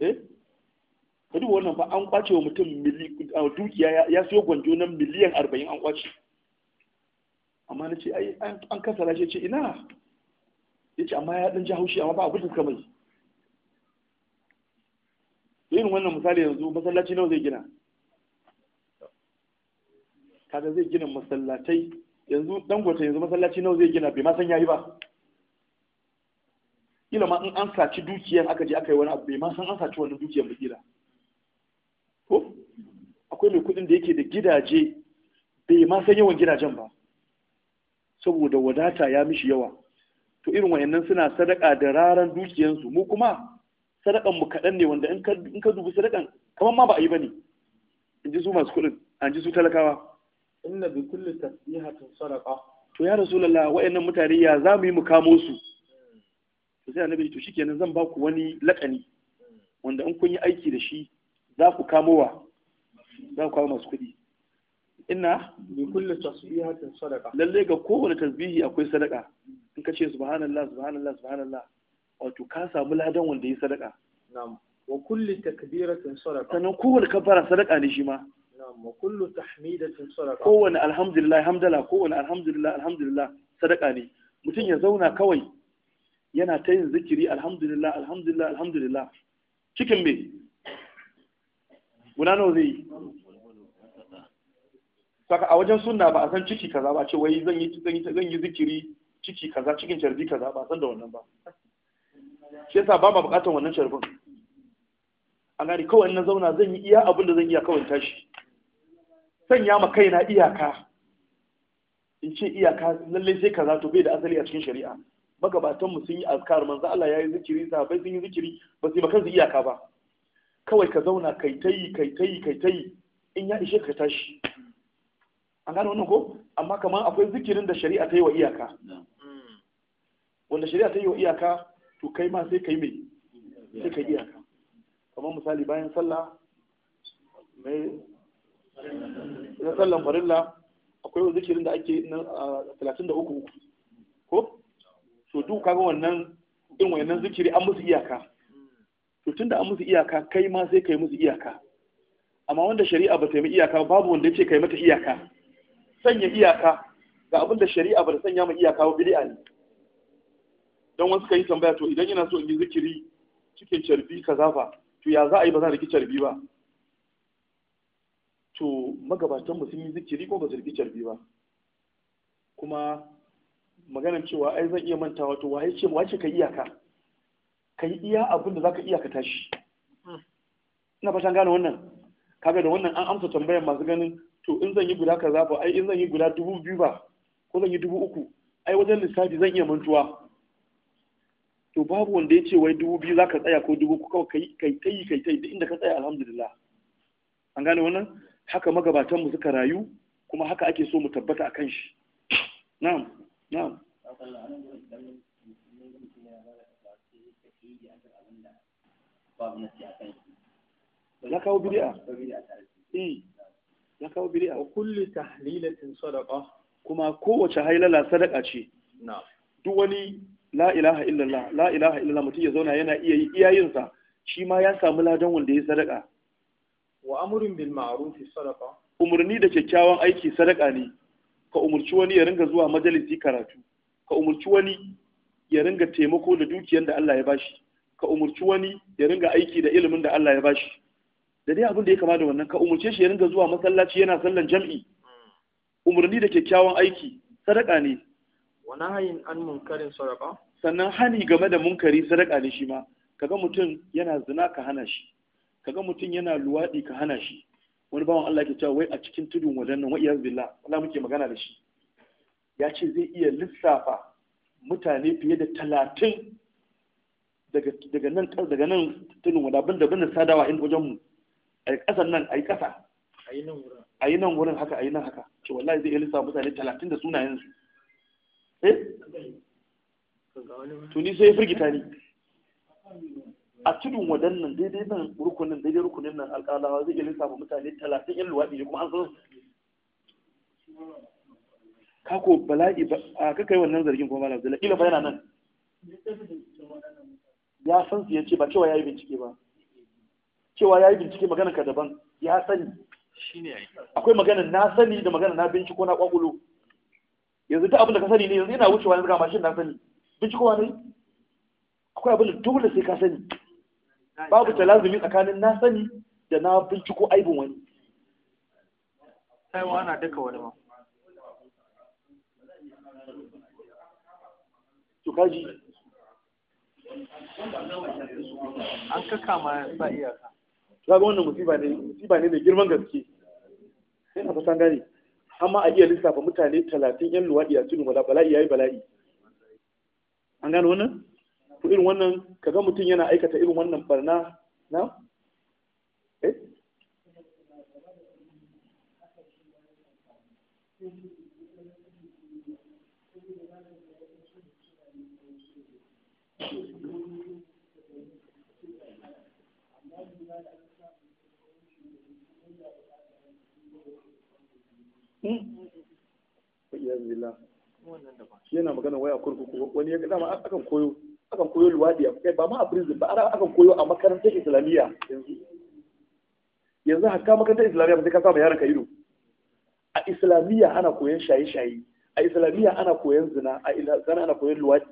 eh ka duba wannan fa an kwace wa mutum dukiya ya siyo gwanjo na miliyan arba'in an kwace amma na ce an kasara shi ya ce ina yace amma ya dan ji haushi amma ba abin da suka mai irin wannan misali yanzu masallaci nawa zai gina kaga zai gina masallatai yanzu dangote yanzu masallaci nawa zai gina bai ma san yayi ba kila ma in an saci dukiyar aka je aka yi wani abu bai ma san an saci wannan dukiyar ba kila ko akwai mai kuɗin da yake da gidaje bai ma san yawan gidajen ba saboda wadata ya mishi yawa to irin wayannan suna sadaka da raran dukiyansu mu kuma sadakan mu kaɗan ne wanda in ka dubi sadakan kamar ma ba a yi bane in ji su masu kuɗin an ji su talakawa inna bi kulli tasbihatin sadaqa to ya rasulullah wayannan mutane ya za mu yi mu kamo su to sai annabi to shikenan zan ba ku wani lakani wanda in kun yi aiki da shi za ku kamo wa za ku kawo masu kuɗi inna bi kulli tasbihatin sadaqa lalle ga kowane tasbihi akwai sadaka in ka ce subhanallah subhanallah subhanallah wato ka samu ladan wanda ya sadaka na'am wa kullu takbiratin sadaka sannan kowanne kafara sadaka ne shi ma na'am wa kullu tahmidatin sadaqa kowanne alhamdulillah hamdala kowanne alhamdulillah alhamdulillah sadaka ne mutum ya zauna kawai yana ta yin zikiri alhamdulillah alhamdulillah alhamdulillah cikin me guna nawa zai yi saka a wajen sunna ba a san ciki kaza ba ce wai zan yi zan yi zikiri ciki kaza cikin carbi kaza ba san da wannan ba shi yasa ba ba bukatar wannan carbin a gani kawai na zauna zan yi iya abin da zan iya kawai tashi sanya ma kaina iyaka in ce iyaka lallai sai kaza to bai da asali a cikin shari'a magabatan mu sun yi azkar manzo Allah yayi zikiri bai sun yi zikiri ba su yi kansu iyaka ba kawai ka zauna kai tayi kai tayi kai tayi in ya ishe ka tashi an gano wannan ko amma kamar akwai zikirin da shari'a ta yi wa iyaka wanda shari'a ta yi wa iyaka to kai ma sai kai mai sai ka iyaka kamar misali bayan sallah mai na sallan farilla akwai zikirin da ake na talatin da uku ko so duk kaga wannan in wayannan zikiri an musu iyaka to da an musu iyaka kai ma sai kai musu iyaka amma wanda shari'a ba ta yi iyaka babu wanda ya ce kai mata iyaka sanya iyaka ga abin da shari'a ba ta sanya ma iyaka ba bid'a ne dan wasu kai tambaya to idan ina so in yi zikiri cikin carbi kaza fa to ya za a yi ba za a riki carbi ba to magabatan mu sun yi zikiri ko ba su riki carbi ba kuma maganar cewa ai zan iya mantawa to waye ce wace ka iyaka ka yi iya abin da za ka iyaka tashi ina fatan gane wannan kaga da wannan an amsa tambayar masu ganin to in zan yi guda kaza ba ai in zan yi guda dubu biyu ba ko zan yi dubu uku ai wajen lissafi zan iya mantuwa to babu wanda ya ce wai dubu biyu za ka tsaya ko dubu kawai kai kai kai ta yi inda ka tsaya alhamdulillah an gane wannan haka magabatan mu suka rayu kuma haka ake so mu tabbata akan shi na'am na'am ya kawo bid'a eh ya kawo bid'a wa kullu tahlilatin sadaqa kuma kowace hailala sadaka ce na'am duk wani la ilaha illallah la ilaha illallah mutum ya zauna yana iya yi iyayensa shi ma ya samu ladan wanda ya sadaka wa amrun bil ma'ruf sadaqa umurni da kyakkyawan aiki sadaka ne ka umurci wani ya ringa zuwa majalisi karatu ka umurci wani ya ringa taimako da dukiyar da Allah ya bashi ka umurci wani ya ringa aiki da ilimin da Allah ya bashi da dai abin da ya kama da wannan ka umurce shi ya ringa zuwa masallaci yana sallan jam'i hmm. umurni da kyakkyawan aiki sadaka ne wani hayin an munkarin sadaka sannan hani game da munkari sadaka ne shi ma kaga mutum yana zina ka hana shi kaga mutum yana luwaɗi ka hana shi wani bawan Allah ke cewa wai a cikin tudun wajen nan wa'iyar billah Allah muke magana da shi ya ce zai iya lissafa mutane fiye da talatin daga nan daga nan tudun wada bin da bin sadawa inda wajen mu a ƙasar nan a yi ƙasa a yi nan wurin haka a yi nan haka ce wallahi zai iya lissafa mutane talatin da sunayensu Eh? tuni sai ya firgita ni a tudun wadannan daidai nan rukunin daidai rukunin nan alƙalawa zai iya lissafa mutane talatin yan luwaɗi ne kuma an san ka ko bala'i a kakai wannan zargin kuma malam zala ila bayana nan ya san su ya ce ba cewa ya yi bincike ba cewa ya yi bincike magana ka daban ya sani akwai magana na sani da magana na binciko na ƙwaƙwalo. yanzu duk abin da ka sani ne yanzu yana wucewa yanzu ga mashin na sani bincikowa ne akwai abin da dole sai ka sani babu lazumi tsakanin na sani da na binciko aibin wani taiwa ana duka wani ma to kaji an kaka ma ba iyaka ga wannan musiba ne musiba ne mai girman gaske sai na fasan gari Amma a iya lissafa mutane talatin yan luwaɗi a cikin bala'i ya yi bala'i an gano wannan to irin wannan kaga mutum yana aikata irin wannan barna na eh yana magana waya kurkuku wani ya dama akan koyo akan koyo luwadi eh, ba ma a prison ba akan koyo a makarantar islamiyya yanzu yanzu hakka makarantar islamiyya ba sai ka sa yaran ka ido a islamiyya ana koyon shaye-shaye a islamiyya ana koyon zina a zina ana koyon luwadi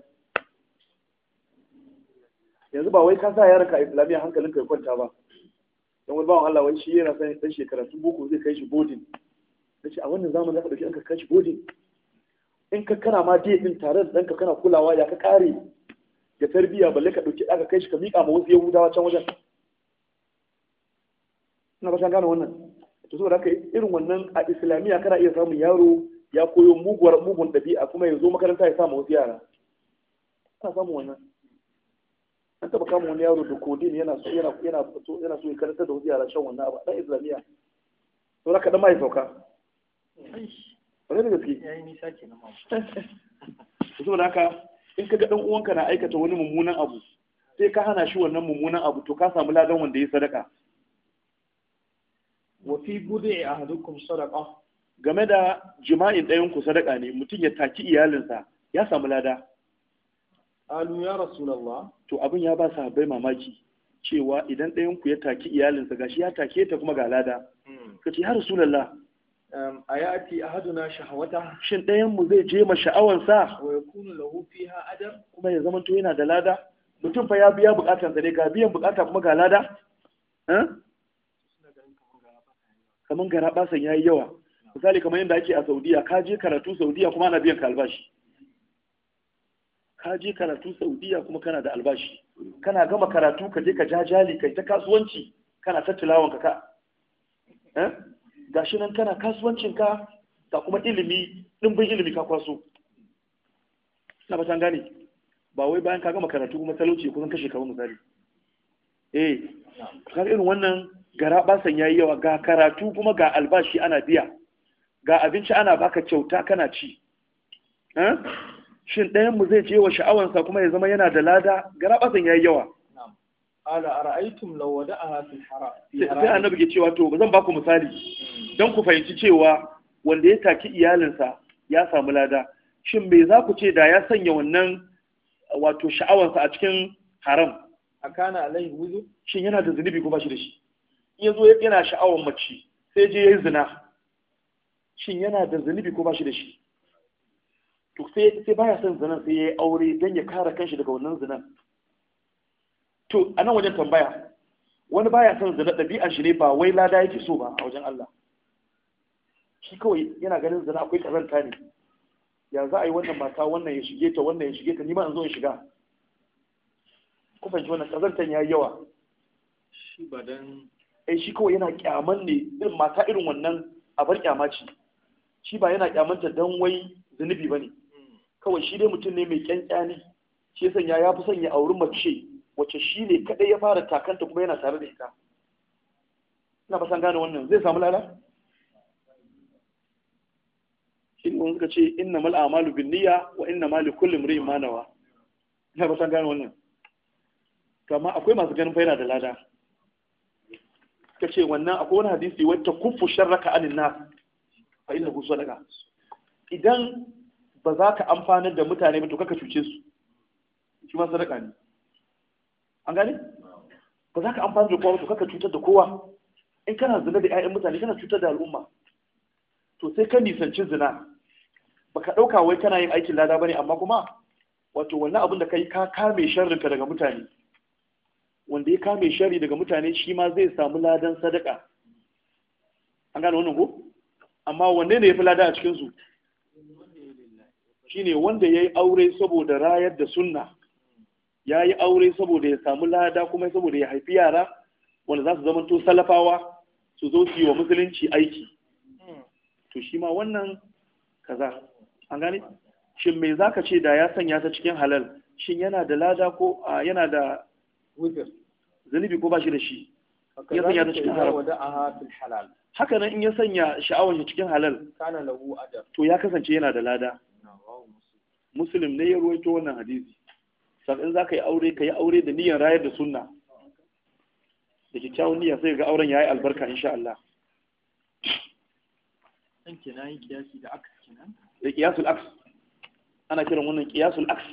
yanzu ba wai ka sa yaran ka a islamiyya hankalin ka ya kwanta ba don wani bawan Allah wani shi yana san shekara sun boko zai kai shi bodin ce a wannan zamanin za ka ɗauki ɗanka kashi gode in ka kana ma dai ɗin tare da ɗanka kana kulawa ya ka kare da tarbiyya balle ka ɗauki ɗaka kashi shi ka miƙa ma wasu yahudawa can wajen ina fatan gane wannan to saboda haka irin wannan a islamiyya kana iya samun yaro ya koyo muguwar mugun ɗabi'a kuma ya zo makaranta ya samu wasu yara ana samun wannan an taɓa kama wani yaro da kodin yana so yana so ya karanta da wasu yara shan wannan abu ɗan islamiyya saboda haka ɗan ma ya sauka ƙwarai da gaske ya yi nisa ke nan saboda haka in ka ga ɗan uwanka na aikata wani mummunan abu sai ka hana shi wannan mummunan abu to ka samu ladan wanda ya sadaka wa fi budai ahadukum sadaka. game da jima'in ɗayan ku sadaka ne mutum ya taki iyalinsa ya samu lada alu ya rasulullah to abin ya ba sahabbai mamaki cewa idan ɗayan ku ya taki iyalinsa gashi ya take ta kuma ga lada hmm. kace ya rasulullah a yati ahaduna shahawata shin ɗayan mu zai je ma sha'awansa wa yakunu lahu fiha adam kuma ya zama to yana da lada mutum fa ya biya bukatar da ne ga biyan bukata kuma ga lada hm? kamar gara basan yayi yawa misali kamar yadda ake a Saudiya ka je karatu Saudiya kuma ana biyan ka albashi ka je karatu Saudiya kuma kana da albashi kana gama karatu ka je ka jajali kai ta kasuwanci kana ta tilawanka ka hm? Ga shi nan kana kasuwancinka ga kuma ilimi ɗimbin ilimi ka kwaso na ba gane ba wai bayan ka gama karatu kuma talauci zan kashe kamar misali eh ka irin wannan gara basan yayi yawa ga karatu kuma ga albashi ana biya ga abinci ana baka kyauta kana ci eh? shin ɗayan mu zai je wa sha'awansa kuma ya zama yana da lada gara basan yayi yawa ala ara'aytum law wada'aha fil haram sai annabi ke cewa to zan baku misali hmm. dan ku fahimci cewa wanda ya taki iyalinsa ya samu lada shin me za ku ce da ya sanya wannan wato sha'awansa a cikin haram akana alaihi wuzu shin yana da zunubi ko ba shi da shi in yazo yana sha'awan mace sai je yayi zina shin yana da zunubi ko ba shi da shi to sai sai baya son zinan sai yi aure dan ya kare kanshi daga wannan zinan to a nan wajen tambaya wani baya son zina ɗabi'an shi ne ba wai lada yake so ba a wajen Allah shi kawai yana ganin zina akwai kazanta ne ya za a yi wannan mata wannan ya shige ta wannan ya shige ta ni ma in zo in shiga ku fahimci wannan kazantan ya yi yawa shi ba dan ai eh, shi kawai yana kyaman ne irin mata irin wannan a bar kyama ce shi ba yana kyamanta dan wai zunubi ne. Hmm. kawai shi dai mutum ne mai kyankyani shi sanya ya fi sanya auren mace wacce shi ne kadai ya fara takanta kuma yana tare da ita ina ba san gane wannan zai samu lada shi ne wanzu ka ce ina mal amalu bin niyya wa ina mali kullum rin ma nawa ina ba san gane wannan kama akwai masu ganin fa yana da lada ka ce wannan akwai wani hadisi wata kufu sharraka anin na fa ina hu daga idan ba za ka amfanar da mutane ba to kaka cuce su shi ma sadaka ne an gani ba za ka amfani da kowa kaka cutar da kowa in kana zina da 'ya'yan mutane kana cutar da al'umma to sai ka nisanci zina ba ka ɗauka wai kana yin aikin lada bane amma kuma wato wannan abin da kai ka kame sharrinka daga mutane wanda ya kame sharri daga mutane shi ma zai samu ladan sadaka an gane wannan ko amma wanne ne ya fi lada a cikinsu shine wanda ya yi aure saboda rayar da sunna ya yi aure saboda ya samu lada kuma saboda ya haifi yara wanda za su zama to salafawa su zo su yi wa musulunci aiki to shi ma wannan kaza an gane shin me ka ce da ya sanya ta cikin halal shin yana da lada ko yana da zunubi ko ba shi da shi ya sanya ta cikin halal? haka nan in ya sanya sha'awar shi cikin halal to ya kasance yana da lada Musulun ne ya ruwaito wannan hadisi sannan za ka yi aure ka yi aure da niyyar rayar da sunna da kyakkyawan niyyar sai ga auren ya yi albarka insha Allah san kina yi kiyasi da aks kenan da kiyasul aks ana kiran wannan kiyasul aks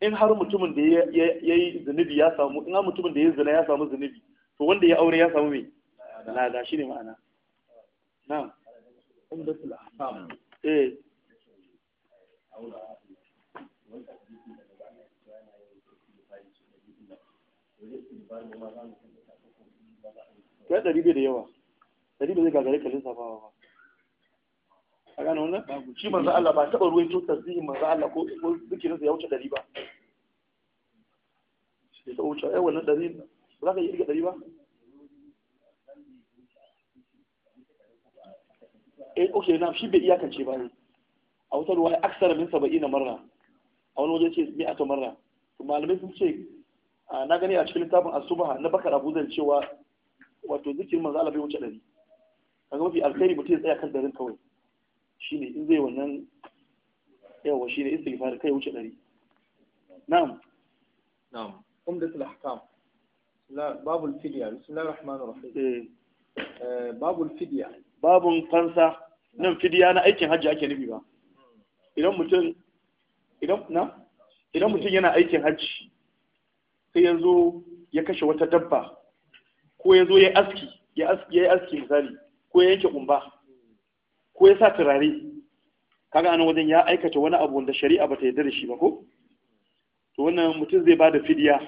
in har mutumin da ya yi zunubi ya samu in har mutumin da ya zina ya samu zunubi to wanda ya aure ya samu me lada shi ne ma'ana na'am eh kai ɗari bai da yawa ɗari bai zai gagare ka lissafawa ba a gano wannan shi manzo Allah ba taɓa ruwan to tasbihin manzo Allah ko zikirin sa ya wuce ɗari ba ya wuce ai wannan ɗari ba za ka yi ɗari ba eh ok na shi bai iyakance ba ne a wata ruwa aksara min sabai saba'ina marra a wani waje ce mi'ata marra malamai sun ce na gani a cikin littafin asuba na bakar abu zan cewa wato zikirin manzo Allah bai wuce dari kaga mafi alkhairi mutum ya tsaya kan darin kawai shine in zai wannan yawa shine istighfar kai wuce dari na'am na'am umdatul la babul fidya bismillahir rahmanir rahim eh. Eh, babul fidya babun fansa nan fidiya na aikin hajji ake nufi ba hmm. idan mutum idan na idan mutum yana aikin hajji sai ya zo ya kashe wata dabba ko ya zo ya aski ya aski ya aski misali ko ya yanke kumba ko ya sa turare kaga anan wajen ya aikata wani abu wanda shari'a bata yarda da shi ba ko to wannan mutum zai bada fidiya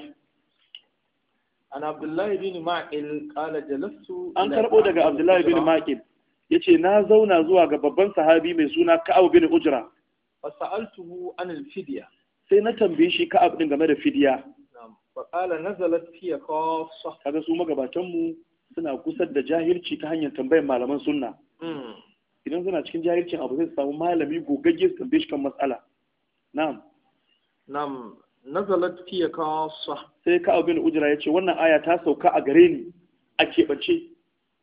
an abdullahi bin ma'il qala jalastu an karbo daga abdullahi bin ma'il yace na zauna zuwa ga babban sahabi mai suna ka'ab bin ujra fa sa'altuhu an al-fidya sai na tambaye shi ka'ab din game da fidiya faƙala nazalat fiye kawo kaga su magabatanmu suna kusar da jahilci ta hanyar tambayar malaman sunna idan suna cikin jahilcin abu zai samu malami gogagge su tambaye shi kan matsala na'am na'am nazalat fiye khassa sai ka abin ya yace wannan aya ta sauka a gare ni a keɓance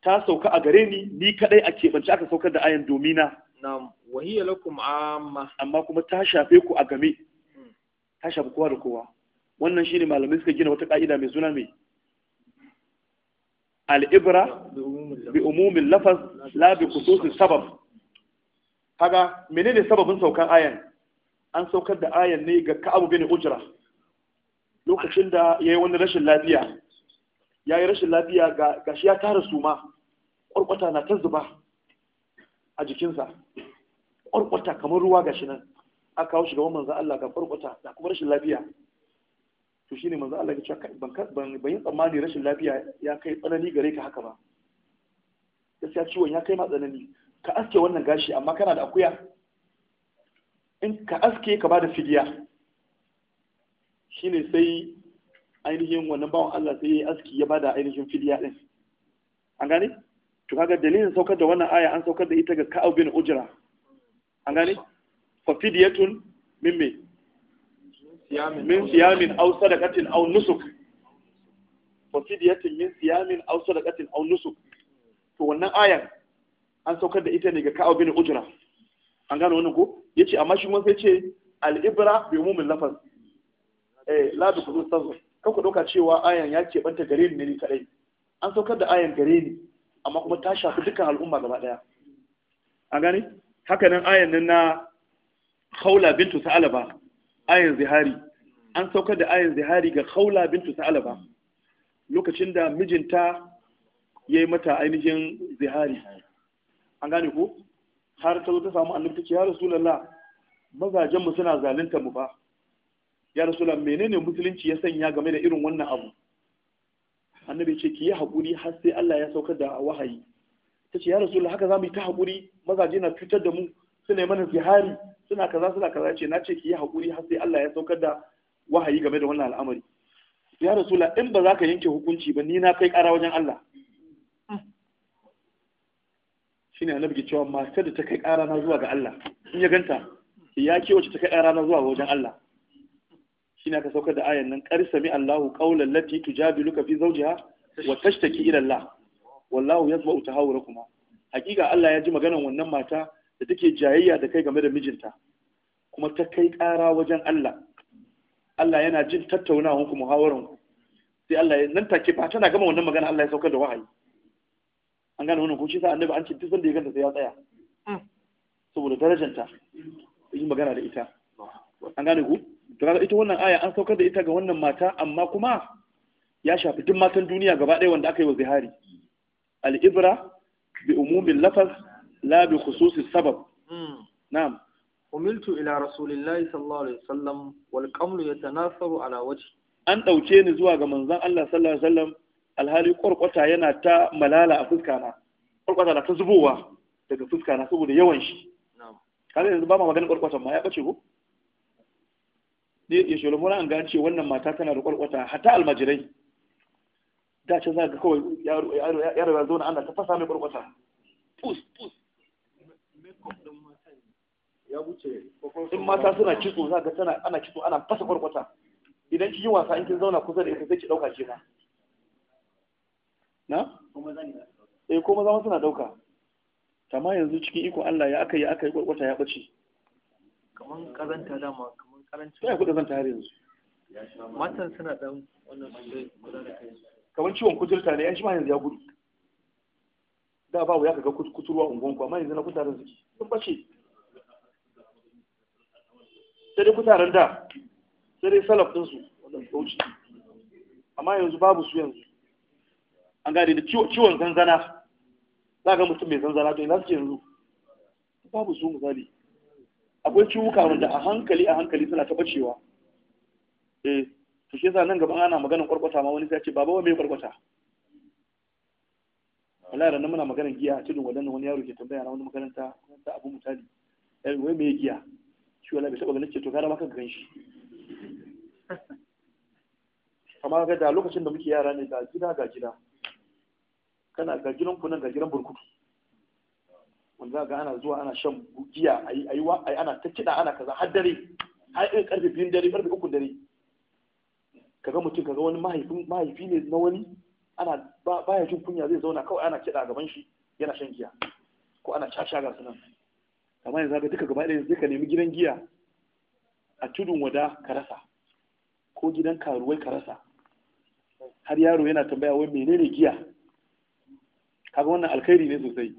ta sauka a gare ni ni kadai a keɓance aka saukar da ayan domina na'am wahiya lakum amma amma kuma ta shafe ku a game ta shafi kowa da kowa wannan shine malamai suka gina wata ka'ida mai suna mai al'ibra bi umumin lafaz la bi khususin sabab kaga menene sababin saukan ayan an saukar da ayan ne ga ka'abu bin ujra lokacin da yayi wani rashin lafiya yayi rashin lafiya ga gashi ya tara suma kwarkwata na ta zuba a jikinsa kwarkwata kamar ruwa gashi nan aka hau shiga wannan Allah ga kwarkwata da kuma rashin lafiya to shine manzo Allah ya ce ban ban yi tsammani rashin lafiya ya kai tsanani gare ka haka ba gaskiya ciwon ya kai ma tsanani ka aske wannan gashi amma kana da akuya in ka aske ka bada fidiya shine sai ainihin wannan bawan Allah sai ya aski ya bada ainihin fidiya din an gane to kaga dalilin saukar da wannan aya an saukar da ita ga Ka'ab bin Ujra an gane fa fidiyatun min me min siyamin aw sadaqatin aw nusuk wa fidyatin min siyamin aw sadaqatin aw nusuk to wannan ayan an saukar da ita ne ga Ka'ab bin Ujra an gano wannan ko yace amma shi mun sai ce al-ibra bi umumin lafaz eh la bi kudu ka ku dauka cewa ayan ya ke banta gare ni ne kadai an saukar da ayan gare ni amma kuma ta shafi dukkan al'umma gaba daya an gane haka nan ayan nan na Khawla bintu Sa'alaba ayar zihari an saukar da ayar zihari ga khawla bintu sa'alaba lokacin da mijinta ya yi mata ainihin zihari an gane ko har ta zo ta samu annabi ce ya rasu lalla mazajenmu suna zalinta mu ba ya rasu lalla menene musulunci ya sanya game da irin wannan abu annabi ce ki yi haƙuri har sai Allah ya saukar da wahayi ta ce ya rasu lalla haka za mu yi ta haƙuri mazaje na cutar da mu suna yi mana zihari suna kaza suna kaza ce na ce ki yi hakuri har sai Allah ya saukar da wahayi game da wannan al'amari ya rasula in ba za ka yanke hukunci ba ni na kai ƙara wajen Allah Shi ne annabi ke cewa matar da ta kai ƙara na zuwa ga Allah in ya ganta ya ke wacce ta kai ƙara na zuwa wajen Allah Shi ne aka saukar da ayan nan qad sami Allahu qawlan lati tujadiluka fi zawjiha wa tashtaki ila Allah wallahu yasma'u tahawurakuma hakika Allah ya ji maganar wannan mata da take jayayya da kai game da mijinta kuma ta kai ƙara wajen Allah Allah yana jin tattaunawa ku muhawaran ku sai Allah ya nan take ba tana gama wannan magana Allah ya saukar da wahayi an gane wannan ko shi sa annabi an ce duk sanda ya ganta sai ya tsaya mm. saboda darajanta yi magana da ita an gane ku to kaga ita wannan aya an saukar da ita ga wannan mata amma kuma ya shafi duk matan duniya gaba ɗaya wanda aka yi wa zihari al-ibra bi umumin lafaz la bi khususi sabab na'am umiltu ila rasulillahi sallallahu alaihi wasallam wal qamlu yatanasaru ala wajhi an dauke ni zuwa ga manzan Allah sallallahu alaihi wasallam alhali kwarkwata yana ta malala a fuskana. na kwarkwata na ta zubowa daga fuskana saboda yawan shi kaga yanzu ba ma maganin kwarkwatan ma ya bace ko ne ya shola an gace wannan mata tana da kwarkwata hatta almajirai da ce za ga kawai yaro ya zauna ana ta fasa mai kwarkwata pus pus ya wuce in mata suna kitso za ga tana ana kitso ana fasa kwarkwata idan kin yi wasa in kin zauna kusa da ita sai ki dauka ke ma na eh ko maza suna dauka amma yanzu cikin iko Allah ya aka yi aka yi kwarkwata ya bace kaman karanta dama kaman karanta ya kuɗa zan har yanzu matan suna dan wannan kaman ciwon kujirta ne yan shi ma yanzu ya gudu da ba ya ga kuturwa unguwan amma yanzu na da suke sun bace sai dai mutanen da sai dai salaf din su wannan kauci amma yanzu babu su yanzu an gane da ciwon zanzana za ga mutum mai zanzana to yanzu suke yanzu babu su misali akwai ciwuka wanda a hankali a hankali suna taɓa cewa, eh to shi yasa nan gaban ana maganar kwarkwata ma wani sai ce baba wai kwarkwata? kwarkwata wallahi ran muna maganar giya a cikin wadannan wani yaro ke tambaya na wani makaranta ta abu misali eh wai mai giya shi wala bai ɓaganin ceto ce to gara maka gan shi amma ga da lokacin da muke yara ne ga gida ga gida kana ga gidan kunan ga gidan burkutu wanda ga ana zuwa ana shan giya a yi ana ta kiɗa, ana kaza har dare har irin ƙarfe biyun dare karfe uku dare Ka ga mutum ka ga wani mahaifi ne na wani ana ya jin kunya zai zauna kawai ana kiɗa gaban shi yana shan giya ko ana caca ga sunan amma yanzu ga duka gaba ɗaya yanzu ka nemi gidan giya a tudun wada ka rasa ko gidan karuwai ka rasa har yaro yana tambaya wai menene giya kaga wannan alkhairi ne sosai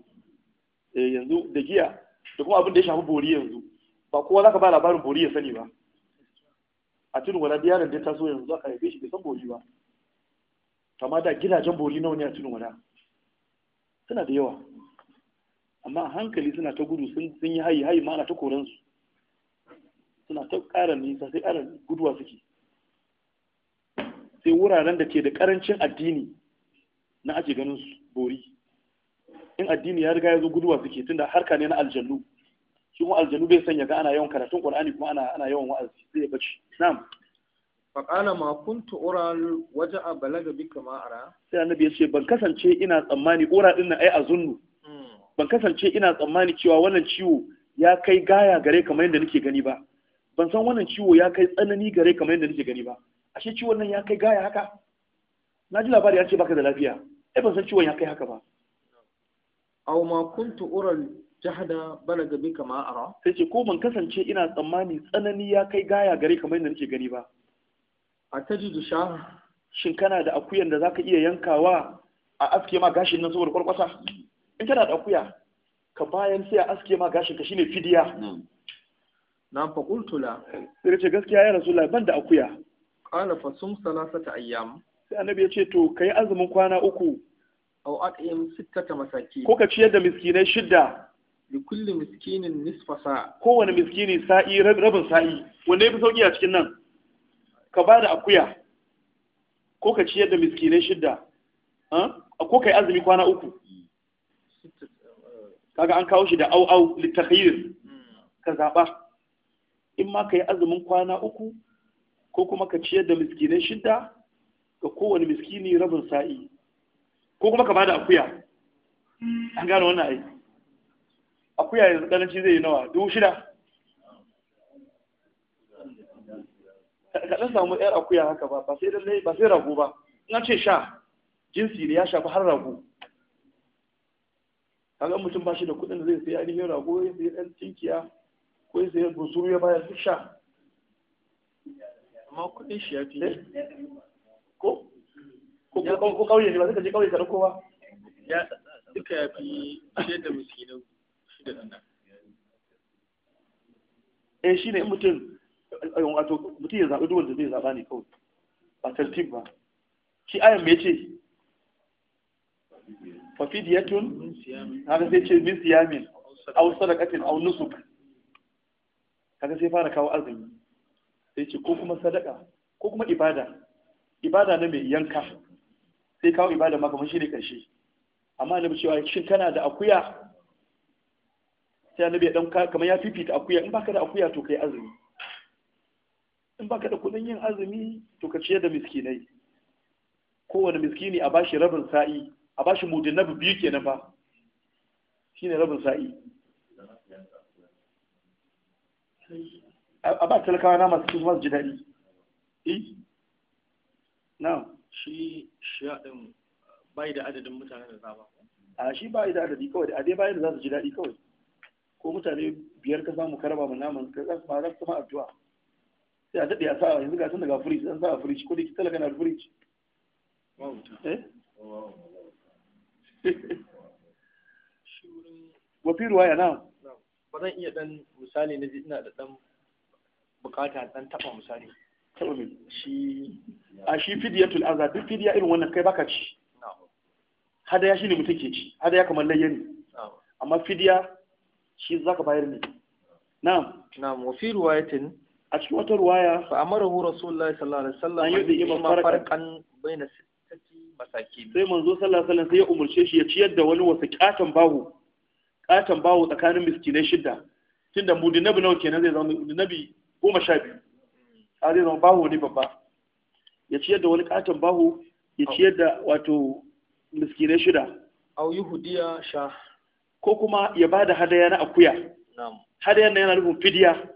eh yanzu da giya da kuma abin da ya shafi bori yanzu ba kowa zaka ba labarin bori ya sani ba a tudun wada da yaron da ta so yanzu aka haife shi da san bori ba amma da gidajen bori nawa ne a tudun wada suna da yawa amma hankali suna ta gudu sun yi hayi hayi ma ta koransu suna ta ƙara nisa sai ƙara guduwa suke sai wuraren da ke da ƙarancin addini na ake ganin su bori in addini ya riga ya zo guduwa suke tunda harka ne na aljannu shi kuma aljannu bai sanya ga ana yawan karatun qur'ani kuma ana ana yawan wa'azi sai ya bace na'am fa qala ma kuntu ura waja'a balaga bika ma ara sai annabi ya ce ban kasance ina tsammani ura din ai azunnu hmm. ban kasance ina tsammani cewa wannan ciwo ya kai gaya gare kamar yadda nake gani ba ban san wannan ciwo ya kai tsanani gare kamar yadda nake gani ba ashe ciwon nan ya kai gaya haka na ji labari ya ce baka da lafiya ai eh, ban san ciwon ya kai haka ba aw ma kuntu ural jahda balaga bika ma ara sai ce ko ban kasance ina tsammani tsanani ya kai gaya gare kamar yadda nake gani ba a tajidu sha shin kana da akuyan da zaka iya yankawa a aske ma gashin nan saboda kwarkwasa in kana da akuya ka bayan sai a aske ma gashin ka shine fidiya na qultu la sai ce gaskiya ya rasu ban da akuya qala fa sum salasata ayyam sai annabi ya ce to kai azumin kwana uku aw at'im sittata masaki ko ka ciyar da miskinai shidda li kulli miskinin nisfa sa kowane miskini sa'i rabin sa'i wanda yafi sauki a cikin nan ka ba da akuya ko ka ciyar da miskinai shidda ko kai azumi kwana uku mm. kaga an kawo shi da au au litakhyir ka zaba in ma ka yi azumin kwana uku ko kuma ka ciyar da miskinai shida ga kowane miskini rabin sa'i ko kuma ka bada akuya an gano wannan ai akuya yanzu karanci zai yi nawa dubu shida ka samu yar akuya haka ba ba sai rago ba Ina ce sha jinsi ne ya shafi har rago kaga mutum ba shi da kuɗin da zai sayi ainihin rago ya sayi ɗan tinkiya ko ya sayi busuru ya bayar su sha amma kuɗin shi ya fi eh? ko ko ƙauye ne ba zai je kauye ka rako ba ya duka ya fi shi da miskinan shi da nan eh shi ne mutum eh, wato mutum ya zaɓi duwanda zai zaɓa ne kawai ba tartib ba shi ayan me ce fafidiyatun haka sai ce min siyamin aw sadaqatin aw nusuk kaga sai fara kawo azumi sai ce ko kuma sadaka ko kuma ibada ibada na mai yanka sai kawo ibada ma kamar ne karshe amma annabi cewa shin kana da akuya sai annabi ya dan kamar ya fifita akuya in baka da akuya to kai azumi in baka da kudin yin azumi to ka ciyar da miskinai kowane miskini a bashi rabin sa'i a bashi na biyu kenan fa ne rabin sa'i a ba talakawa na masu cikin masu daɗi eh? na shi shaɗin bai da adadin mutanen da za ba a shi bai da adadi kawai a dai bayan da za su ji daɗi kawai ko mutane biyar ka samu karaba mu naman ka za su ma za su kuma addu'a sai a daɗe a sa yanzu ga sun daga firij, an sa a ko da ki talaka na fridge eh wafi ruwaya na ba zan iya dan misali na jina da dan bukata dan taba misali taba mai shi a shi fidiyar azza duk fidiya irin wannan kai baka ci hadaya shine mutum ke ci hadaya kamar layya ne amma fidiya shi za ka bayar ne na'am na'am wa fi riwayatin a cikin wata riwaya fa amarahu rasulullahi sallallahu alaihi wasallam an da ima farqan baina sai manzo sallallahu alaihi wasallam sai ya umurce shi ya ciyar da wani wasu katan bawo katan bawo tsakanin miskinai shidda tunda mudinabi nawa kenan zai zama mudinabi goma sha biyu a zai zama bawo ne babba ya ciyar da wani katan baho ya ciyar da wato miskinai shida au yuhudiya sha ko kuma ya ba da hadaya na akuya hadaya na yana nufin fidiya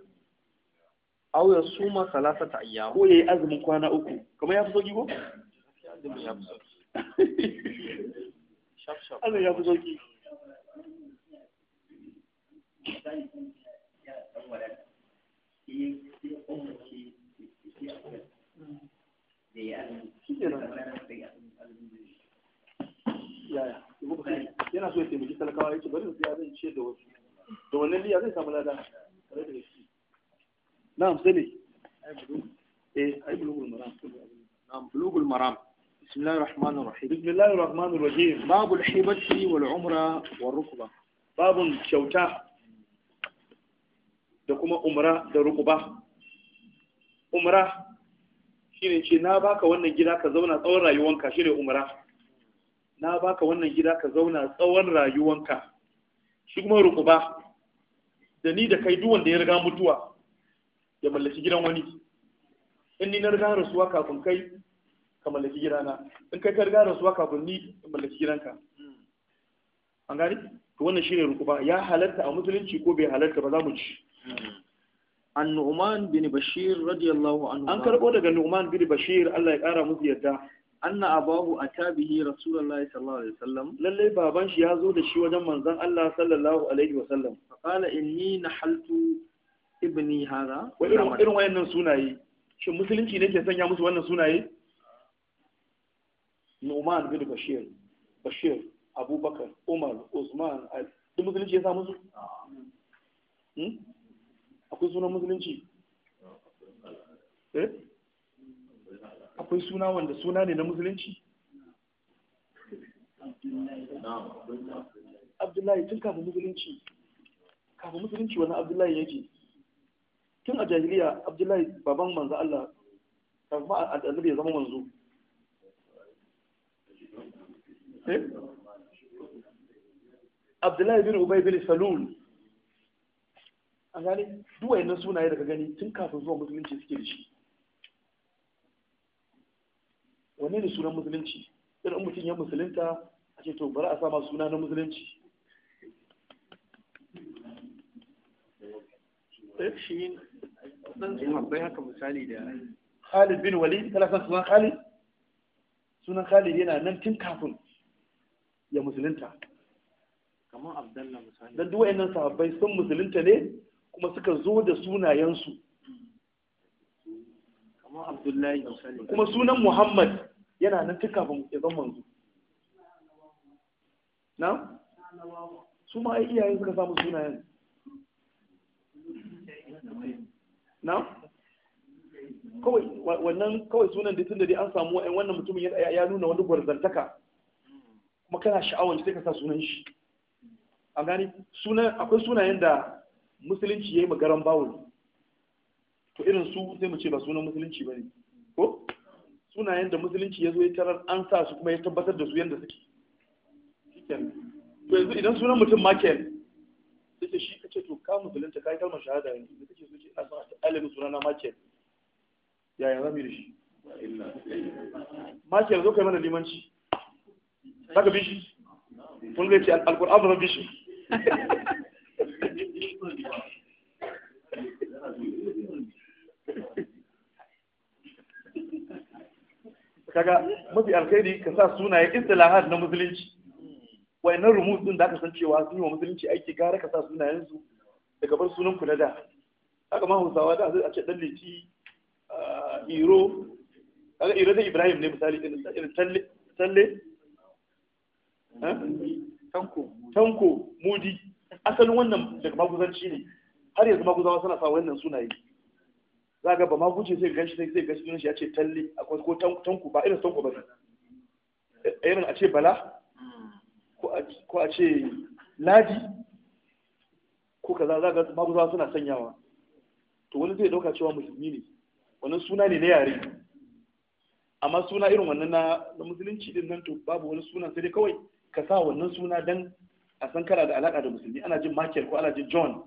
au ya suma ta ayyamu ko ya yi azumin kwana uku kamar ya fi sauki ko azumin ya fi ya ya na'am eh, bulugul maram na'am bulugul maram بسم الله الرحمن الرحيم بسم الله الرحمن الرحيم باب الحبة والعمرة والركبة باب شوتا da kuma umra da rukuba umra shine ce na baka wannan gida ka zauna tsawon rayuwanka shine umra na baka wannan gida ka zauna tsawon rayuwanka shi kuma rukuba da ni da kai duk wanda ya riga mutuwa ya mallaki gidan wani in ni na rasuwa kafin kai ka mallaki gidana in kai ka riga rasuwa kafin ni in mallaki gidanka an gani to wannan shine rukuba ya halatta a musulunci ko bai halatta ba za mu ci an nu'man bin bashir radiyallahu anhu an karbo daga nu'man bin bashir Allah ya kara musu yadda anna abahu atabihi rasulullahi sallallahu alaihi wasallam lalle baban shi ya zo da shi wajen manzon Allah sallallahu alaihi wasallam qala inni nahaltu ibni hada wa irin wayannan sunaye shin musulunci ne ke sanya musu wannan sunaye Numan bin Bashir Bashir Abubakar Umar Usman duk musulunci ya sa musu hmm? akwai sunan musulunci eh? akwai suna wanda suna ne na musulunci abdullahi tun kafin musulunci kafin musulunci wani abdullahi ce, tun a jahiliya abdullahi baban manzo Allah kafin a annabi ya zama manzo Eh? abdullahi bin ubay bin salul duk wayannan sunaye daga gani tun kafin zuwa musulunci suke da shi wanne ne sunan musulunci idan mutum ya musulunta a ce to bari a sama suna na musulunci eh? shi dan sahabbai haka misali da Khalid bin Walid kana san sunan Khalid sunan Khalid yana nan tun kafin ya musulunta kamar abdallah misali dan duk wayannan sahabbai sun musulunta ne kuma suka zo da sunayensu kamar abdullahi misali kuma sunan muhammad yana nan tuka ba ya zama manzo na su ma iyayen suka samu sunayen na kawai wannan kawai sunan da tun da dai an samu wannan mutumin ya nuna wani gwarzantaka kuma sha'awar shi sai ka sa sunan shi an gani sunan akwai sunayen da musulunci ya yi magaran bawul to irin su sai mu ce ba sunan musulunci ba ne, ko sunayen da musulunci ya zo ya tarar an sa su kuma ya tabbatar da su yadda suke to yanzu idan sunan mutum makel sai shi kace to ka musulunta kai kalmar shahada yanzu da kake so ce ina son a alimin sunana makel yaya zamu yi da shi makel zo kai mana limanci daga ka bi shi zai ce alkur'an ba bishi kaga mafi alkhairi ka sa sunaye istilahat na musulunci nan rumus din da aka san cewa sun yi wa musulunci aiki gara ka sa sunayen su daga bar sunan ku na da haka ma Hausawa da a ce dan a ah, iro kaga iro da Ibrahim ne misali irin talle Eh? tanko mudi asalin wannan daga maguzanci ne har yanzu maguzawa suna sa wannan sunaye za ga ba ma sai zai gashi sai zai gashi sunan shi ya ce talle akwai ko tanko ba irin tanko ba ne eh, irin a ce bala ko a ce ladi ko kaza za ga maguzawa suna sanyawa to wani zai dauka cewa musulmi ne wannan suna ne na yare amma suna irin wannan na musulunci din nan to babu wani suna sai dai kawai ka sa wannan suna dan a san kana da alaka da musulmi ana jin Michael ko ana jin John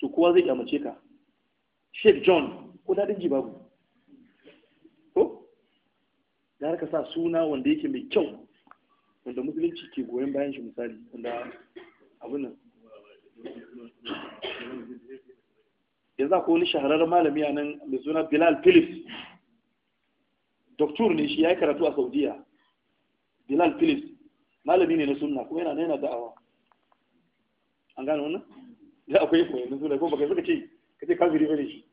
to kowa zai kyamace ka Sheikh John ko dadin ji babu ko da ka sa suna wanda yake mai kyau wanda musulunci ke goyon bayan shi misali wanda abin nan yanzu akwai wani shahararren malami a nan mai suna Bilal Phillips doktor ne shi ya yi karatu a Saudiya Bilal Phillips malami ne na sunna kuma yana yana da'awa an gane wannan da akwai koyi na sunna kuma baka suka ce ka ce kafiri bane shi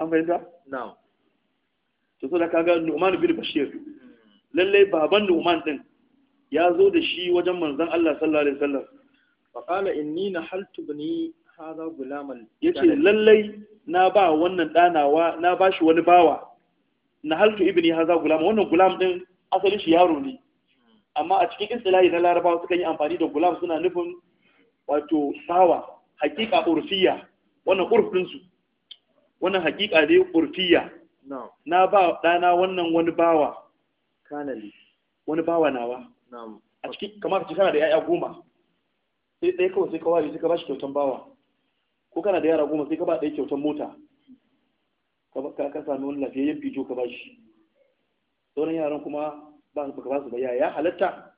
an fahimta na'am to so da kaga Nu'man bin Bashir lalle baban Nu'man din ya zo da shi wajen manzon Allah sallallahu alaihi wasallam fa qala inni nahaltu bani hadha gulaman yace lalle na ba wannan danawa na bashi wani bawa nahaltu ibni hadha gulam wannan gulam din asalin shi yaro ne amma a cikin istilahi na larabawa sukan yi amfani da gulam suna nufin wato sawa hakika urfiya wannan urfinsu wannan hakika dai urfiya na ba dana wannan wani bawa kanali wani bawa nawa a cikin kamar ci kana da yaya goma sai ɗaya kawai sai kawai sai ka bashi kyautan bawa ko kana da yara goma sai ka ba ɗaya kyautan mota ka ka sami wani lafiyayyen fito ka bashi sauran yaran kuma ba baka ba su ba ya halatta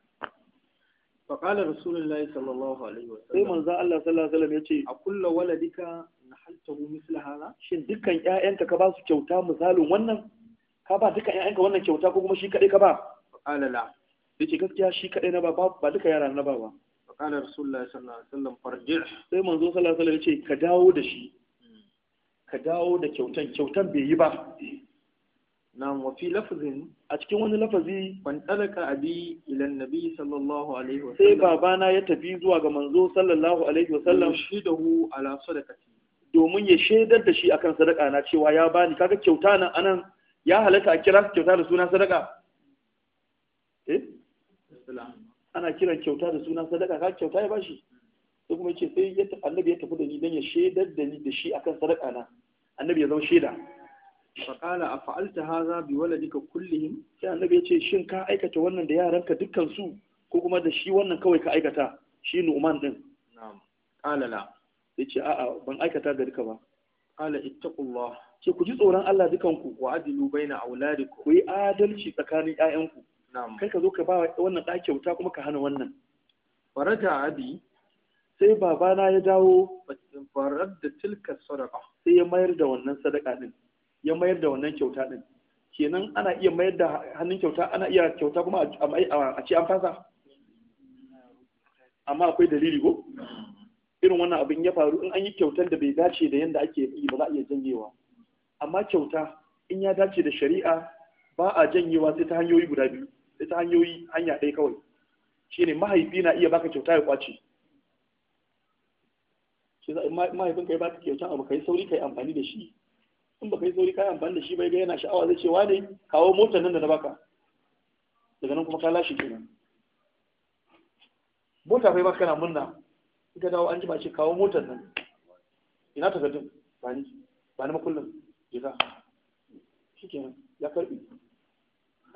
فقال رسول الله صلى الله عليه وسلم sai manzon Allah sallallahu alaihi wasallam yace a kullu waladika nahaltahu misla hada shin dukkan ƴaƴanka ka ba su kyauta misalin wannan ka ba dukkan ƴaƴanka wannan kyauta ko kuma shi kadai ka ba qala la yace gaskiya shi kadai na ba ba duka yara na ba ba qala rasulullah sallallahu alaihi wasallam farji' sai manzon sallallahu alaihi wasallam yace ka dawo da shi ka dawo da kyautan kyautan bai yi ba lafazin a cikin wani lafazi ban talaka abi ila nabi sallallahu alaihi sai babana ya tafi zuwa ga manzo sallallahu alaihi shi da hu domin ya shaidar da shi akan sadaka na cewa ya bani kaga kyauta nan anan ya halatta a kira kyauta da suna sadaka eh? ya faƙala a fa'alta haza bi waladika kullihim sai annabi ya ce shin ka aikata wannan da yaranka dukkan su ko kuma da shi wannan kawai ka aikata shi Nu'man din na'am qala la yace a'a ban aikata ga duka ba qala ittaqullah ce ku ji tsoron Allah dukan ku wa adilu baina auladikum ku yi adalci tsakanin ƴaƴanku na'am kai ka zo ka ba wannan ɗa kyauta kuma ka hana wannan faraja abi sai babana ya dawo farar da tilka sadaqa sai ya mayar da wannan sadaka din ya mayar da wannan kyauta din kenan ana iya mayar da hannun kyauta ana iya kyauta kuma a ce an fasa amma akwai dalili ko irin wannan abin ya faru in an yi kyautar da bai dace da yadda ake yi ba za a iya janyewa amma kyauta in ya dace da shari'a ba a janyewa sai ta hanyoyi guda biyu sai ta hanyoyi hanya ɗaya kawai Shi ne mahaifi na iya baka kyauta ya kwace mahaifinka ya baka kyauta abu kai sauri kai amfani da shi in baka yi sauri kayan ban da shi bai ga yana sha'awa zai ce wane kawo motar nan da na baka daga nan kuma ka lashe kenan mota bai baka na murna in ka dawo an jima ce kawo motar nan ina takardun ba ni ba ni makullin je ka nan ya karbi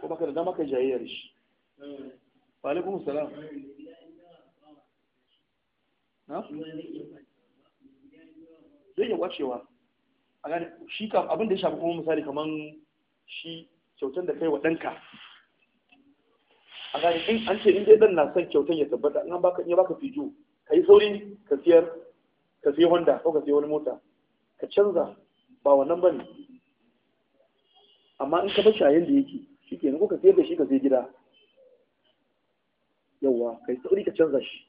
ko baka da dama kai jayayyar da shi wa alaikum salam zai iya wacewa a shi kam abin da ya shafi kuma misali kaman shi kyautan da kai wa ɗanka a gane in an ce in dai ɗan na son kyautan ya tabbata in an baka in baka fijo ka yi sauri ka siyar ka siya honda ko ka siya wani mota ka canza ba wannan ba ne amma in ka bar shi a yanda yake shi kenan ko ka siyar da shi ka sai gida yawa ka yi sauri ka canza shi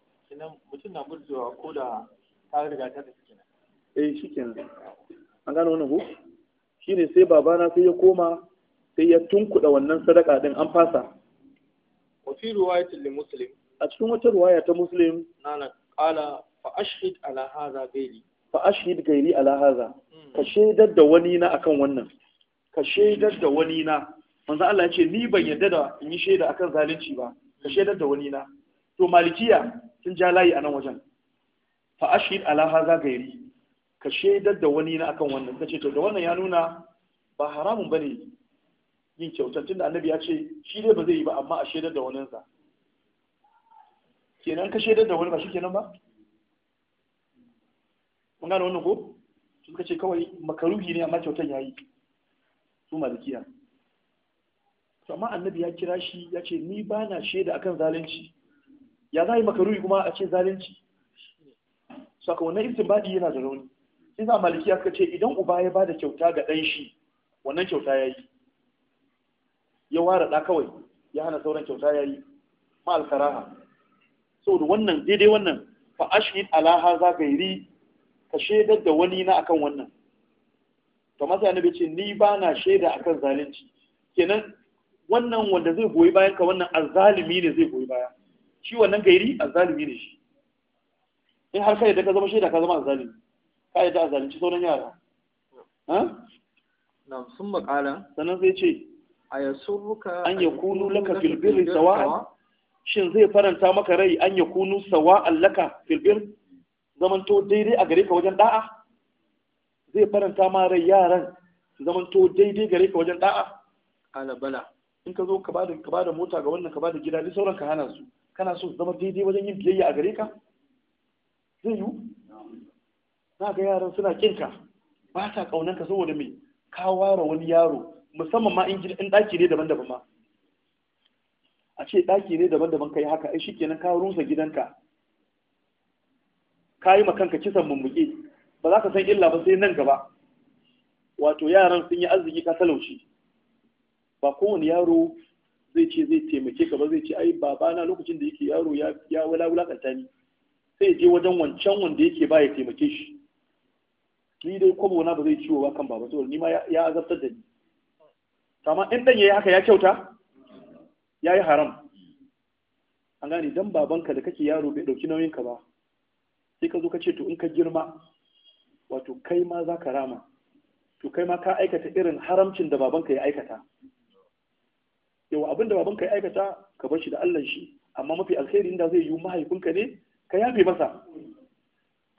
mutum na burjewa ko da ta riga ta tafi kenan eh shi kenan an gano wannan Shi ne sai babana sai ya koma sai ya tunkuɗa wannan sadaka ɗin an fasa wa ruwaya riwayatin muslim a cikin wata ruwaya ta muslim Na na fa ashhid ala hadha bayli fa ashhid gairi ala hmm. ka shaidar da wani na akan wannan ka shaidar da wani na manzo Allah ya ce ni ban yarda da in yi shaida akan zalunci ba ka shaidar da wani na to malikiya sun ja layi a nan wajen fa ashhid ala hadha gairi ka shaidar da wani na akan wannan ta ce to da wannan ya nuna ba haramun bane yin kyautar tunda annabi ya ce shi dai ba zai yi ba amma a shaidar da waninsa kenan ka shaidar da wani ba shi kenan ba mun gane wannan ko su suka ce kawai makaruhi ne amma kyautar yayi su malikiya to amma annabi ya kira shi ya ce ni ba na shaida akan zalunci ya za yi makaruhi kuma a ce zalunci saka wannan istinbadi yana da rauni sai maliki ya kace ce idan uba ya bada kyauta ga ɗan shi wannan kyauta ya yi ya ware ɗa kawai ya hana sauran kyauta ya yi ma'alkaraha saboda wannan daidai wannan fa ashhid ala hadha ghairi ka shaidar da wani na akan wannan to masa annabi ce ni ba na shaida akan zalunci kenan wannan wanda zai goyi bayan ka wannan azzalimi ne zai goyi baya shi wannan gairi azzalimi ne shi in har kai da ka zama shaida ka zama azzalimi ka a zalunci sauran yara na sun makala sannan zai ce a yasurruka an ya kunu laka filbir sawa'an shin zai faranta maka rai an ya kunu sawa'an laka filbir zamanto daidai a gare ka wajen da'a zai faranta ma rai yaran zamanto daidai gare ka wajen da'a ala bala in ka zo ka bada da mota ga wannan ka bada gida duk sauran ka hana su kana so zama daidai wajen yin biyayya a gare ka zai yiwu haka ga yaran suna kinka ba ta kaunan ka saboda mai ka ware wani yaro musamman ma in in daki ne daban-daban ma a ce daki ne daban-daban kai haka ai shikenan ka rusa gidanka ka yi kanka kisan mummuke ba za ka san illa ba sai nan gaba wato yaran sun yi arziki ka talauci ba kowane yaro zai ce zai taimake ka ba zai ce ai babana lokacin da yake yaro ya wala ni sai je wajen wancan wanda yake ba ya taimake shi ni dai kwabo na ba zai ciwo ba kan baba saboda ni ya azabtar da ni amma in dan yayi haka ya kyauta yayi haram an gane dan babanka da kake yaro bai dauki nauyin ka ba sai ka zo ka ce to in ka girma wato kai ma za ka rama to kai ma ka aikata irin haramcin da babanka ya aikata yau abin da babanka ya aikata ka bar shi da Allah shi amma mafi alkhairi inda zai yi mahaifinka ne ka yafe masa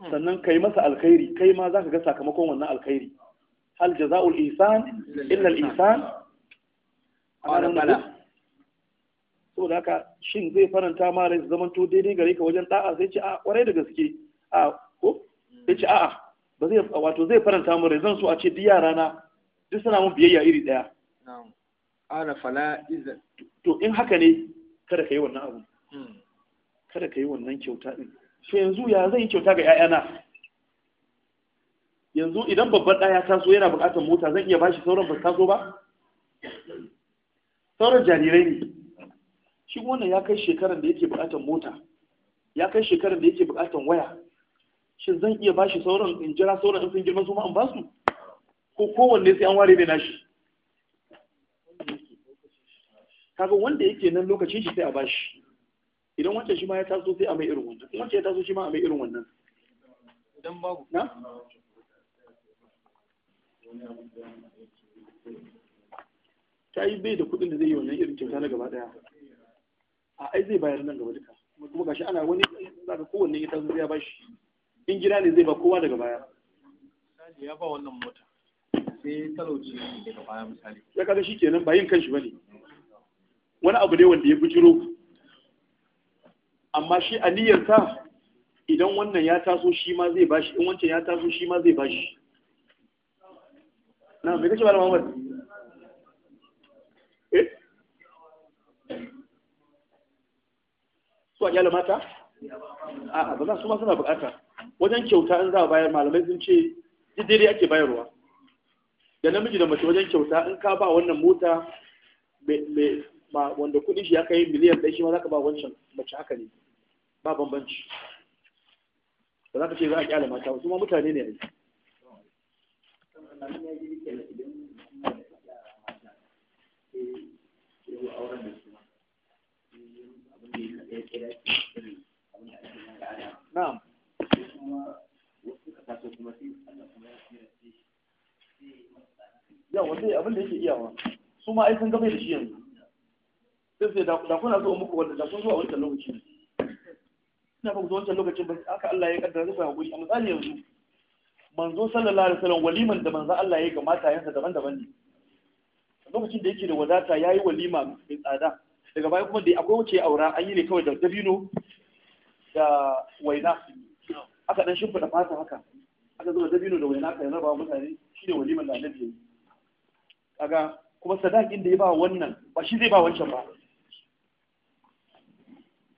Hmm. sannan kai masa alkhairi kai ma zaka ga sakamakon wannan alkhairi hal jaza'ul ihsan illa al ihsan ala bala da haka shin zai faranta ma rai zaman to daidai gare ka wajen da'a sai ce a kwarai da gaske a ko sai ce a'a ba zai wato zai faranta mu rai zan so a ce duk yara na duk suna mun biyayya iri daya ala fala to in haka ne kada ka yi wannan abu hmm. kada ka yi wannan kyauta din to yanzu ya zai yi kyauta ga 'ya'yana yanzu idan babban ɗaya taso yana buƙatar mota zan iya bashi sauran ba taso ba sauran jarirai ne shi wannan ya kai shekaran da yake buƙatar mota ya kai shekaran da yake buƙatar waya shi zan iya bashi sauran in jira sauran in sun girma su ma in basu ko kowanne sai an ware mai nashi kaga wanda yake nan lokacin shi sai a bashi idan wancan shi ma ya taso sai a mai irin wannan wancan ya taso shi ma a mai irin wannan idan babu na ta yi bai da kuɗin da zai yi wannan irin kyauta na gaba ɗaya a ai zai bayar nan gaba duka kuma gashi ana wani za ka kowanne ya taso sai ya bashi in gida ne zai ba kowa daga baya ya ba wannan mota sai talauci daga baya misali ya kaga shi kenan ba yin kanshi bane wani abu ne wanda ya bujiro amma shi aniyarsa idan wannan ya taso shi ma zai bashi in wancan ya taso shi ma zai bashi na me kashe bala mamar eh su ajala mata a'a ba za su ma suna bukata wajen kyauta in za a bayar malamai sun ce daidai ake bayarwa da namiji da mace wajen kyauta in ka ba wannan mota wanda kudin shi ya kai miliyan ɗaya shi ma za ka ba wancan mace haka ne ba bambanci ba za ka ce za a kyale mata wasu ma mutane ne a yi. yawa abin da yake iyawa su ma gaba da shi yanzu sai sai da kuna zuwa muku wanda da kun zuwa wancan lokaci ne ina ba ku zo wancan lokacin ba aka Allah ya kaddara zuwa hakuri a misali yanzu manzo sallallahu alaihi wasallam waliman da manzo Allah ya yi ga matayensa daban-daban ne lokacin da yake da wadata yayi walima mai tsada daga baya kuma da akwai wuce aura an yi ne kawai da dabino da waina aka dan shimfiɗa fata haka aka zo da dabino da waina kai raba mutane shi ne waliman da annabi yayi kaga kuma sadakin da ya ba wannan ba shi zai ba wancan ba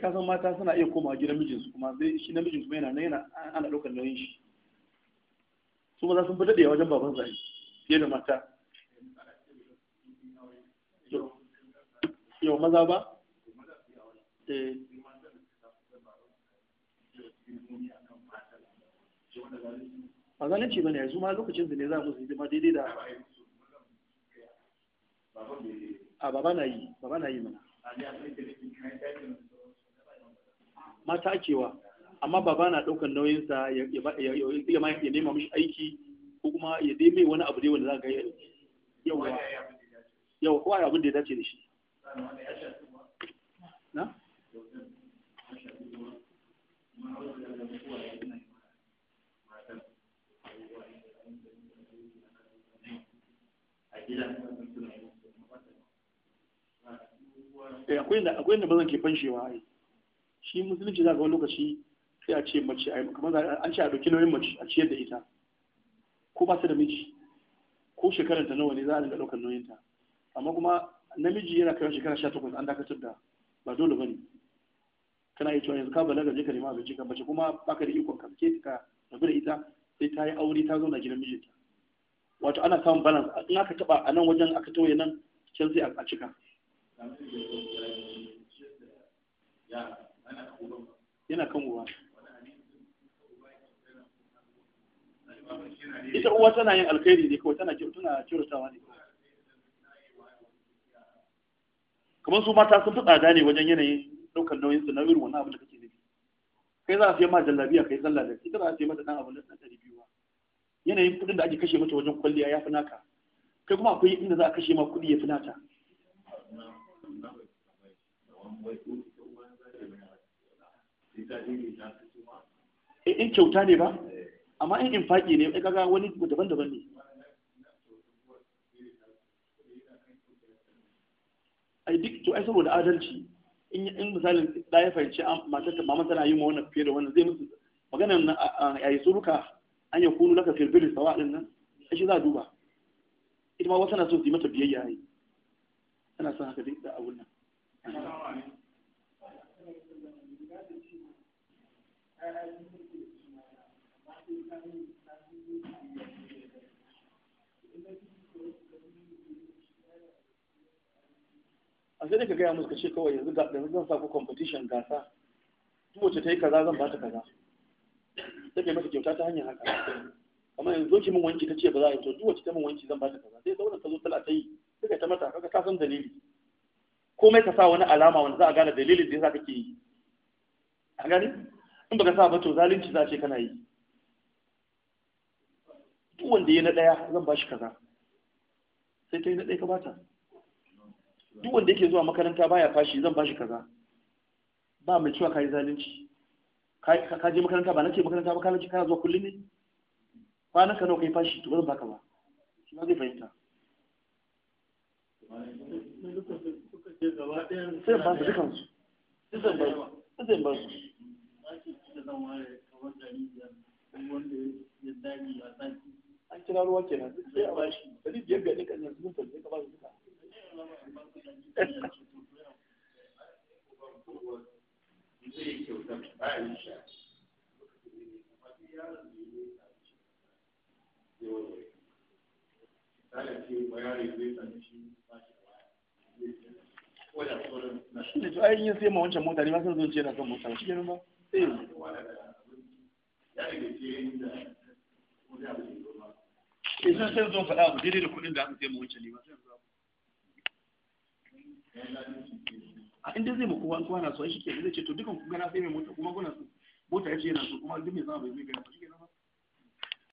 ka san mata suna iya komawa gidan mijinsu kuma sai shi namijin kuma yana nan yana ana ɗaukar nauyin shi su maza sun fi daɗewa wajen baban zai fiye da mata yau maza ba eh. ba zalunci ba ne su ma lokacin da ne za mu su hidima daidai da a baba na yi baba na yi mana mata cewa amma baba na ɗaukar nauyinsa ya nema mashi aiki ko kuma ya dai mai wani abu dai wanda za ka yi yau yawa kowa ya abin da ya dace da shi na? a Eh, akwai inda mazan ke fanshewa ai shi musulunci za ga wani lokaci sai a ce mace ai kamar an ce a ɗauki nauyin mace a ciyar da ita ko ba su da miji ko shekarar ta nawa ne za a dinga ɗaukar nauyin ta amma kuma namiji yana kai shekara sha takwas an dakatar da ba dole ba ne kana yi cewa yanzu ka balaga je ka nema abinci ka mace kuma baka da ikon ke ka rabu da ita sai ta yi aure ta zauna gidan mijinta wato ana samun balance in aka taba a nan wajen aka tauye nan can sai a cika yana kan uwa ita uwa tana yin alkhairi ne kawai tana tana kyautatawa ne kamar su mata sun fi tsada ne wajen yanayin ɗaukar nauyin su na irin wani abin da kake nufi kai za a sai ma jallabiya kai sallah da ita za a sai mata dan abin da ta ɗari biyu yanayin kuɗin da ake kashe mata wajen kwalliya ya fi naka kai kuma akwai inda za a kashe ma kudi ya fi nata in kyauta ne ba amma in infaki ne ga, wani daban-daban ne ai duk to ai saboda adalci in misalin da ya fahimci matar ta mama tana yi ma wannan fiye da wannan zai musu maganar a yi suruka an yi kunu laka firbiri sawa din nan ai shi za a duba ita ma wasu na so su yi mata biyayya ne tana son haka da abun nan a sai ka gaya musu ka ce kawai yanzu zan sako competition gasa duk wacce ta yi kaza zan ba ta kaza sai kai masa kyauta ta hanyar haka amma yanzu ki min wanki ta ce ba za a yi to duk wacce ta min wanki zan ba ta kaza sai sauran ka zo tala ta yi sai ka ta mata kaga ka san dalili komai ka sa wani alama wanda za a gane dalilin da yasa kake yi a gani in baka sa ba to zalunci za a ce kana yi duk wanda ya na daya zan bashi kaza sai ta yi na daya ka bata duk wanda yake zuwa makaranta baya fashi zan bashi kaza ba mai cewa kai zalunci ka je makaranta ba na ce makaranta ba ka nace kana zuwa kullum ne kwanan ka nawa kai fashi to zan baka ba shi ma zai fahimta sai ba su dukan su zan su su su Thank you. shi ne to yin sayan mota ne ma san ce na kan mota shi ne ba eh. Eh, sai faɗa daidai da kuɗin da aka wancan ne a inda zai so shi zai ce to dukan kuma na mota kuma kuna so mota ya ce yana so kuma duk mai zama bai zai ba shi ba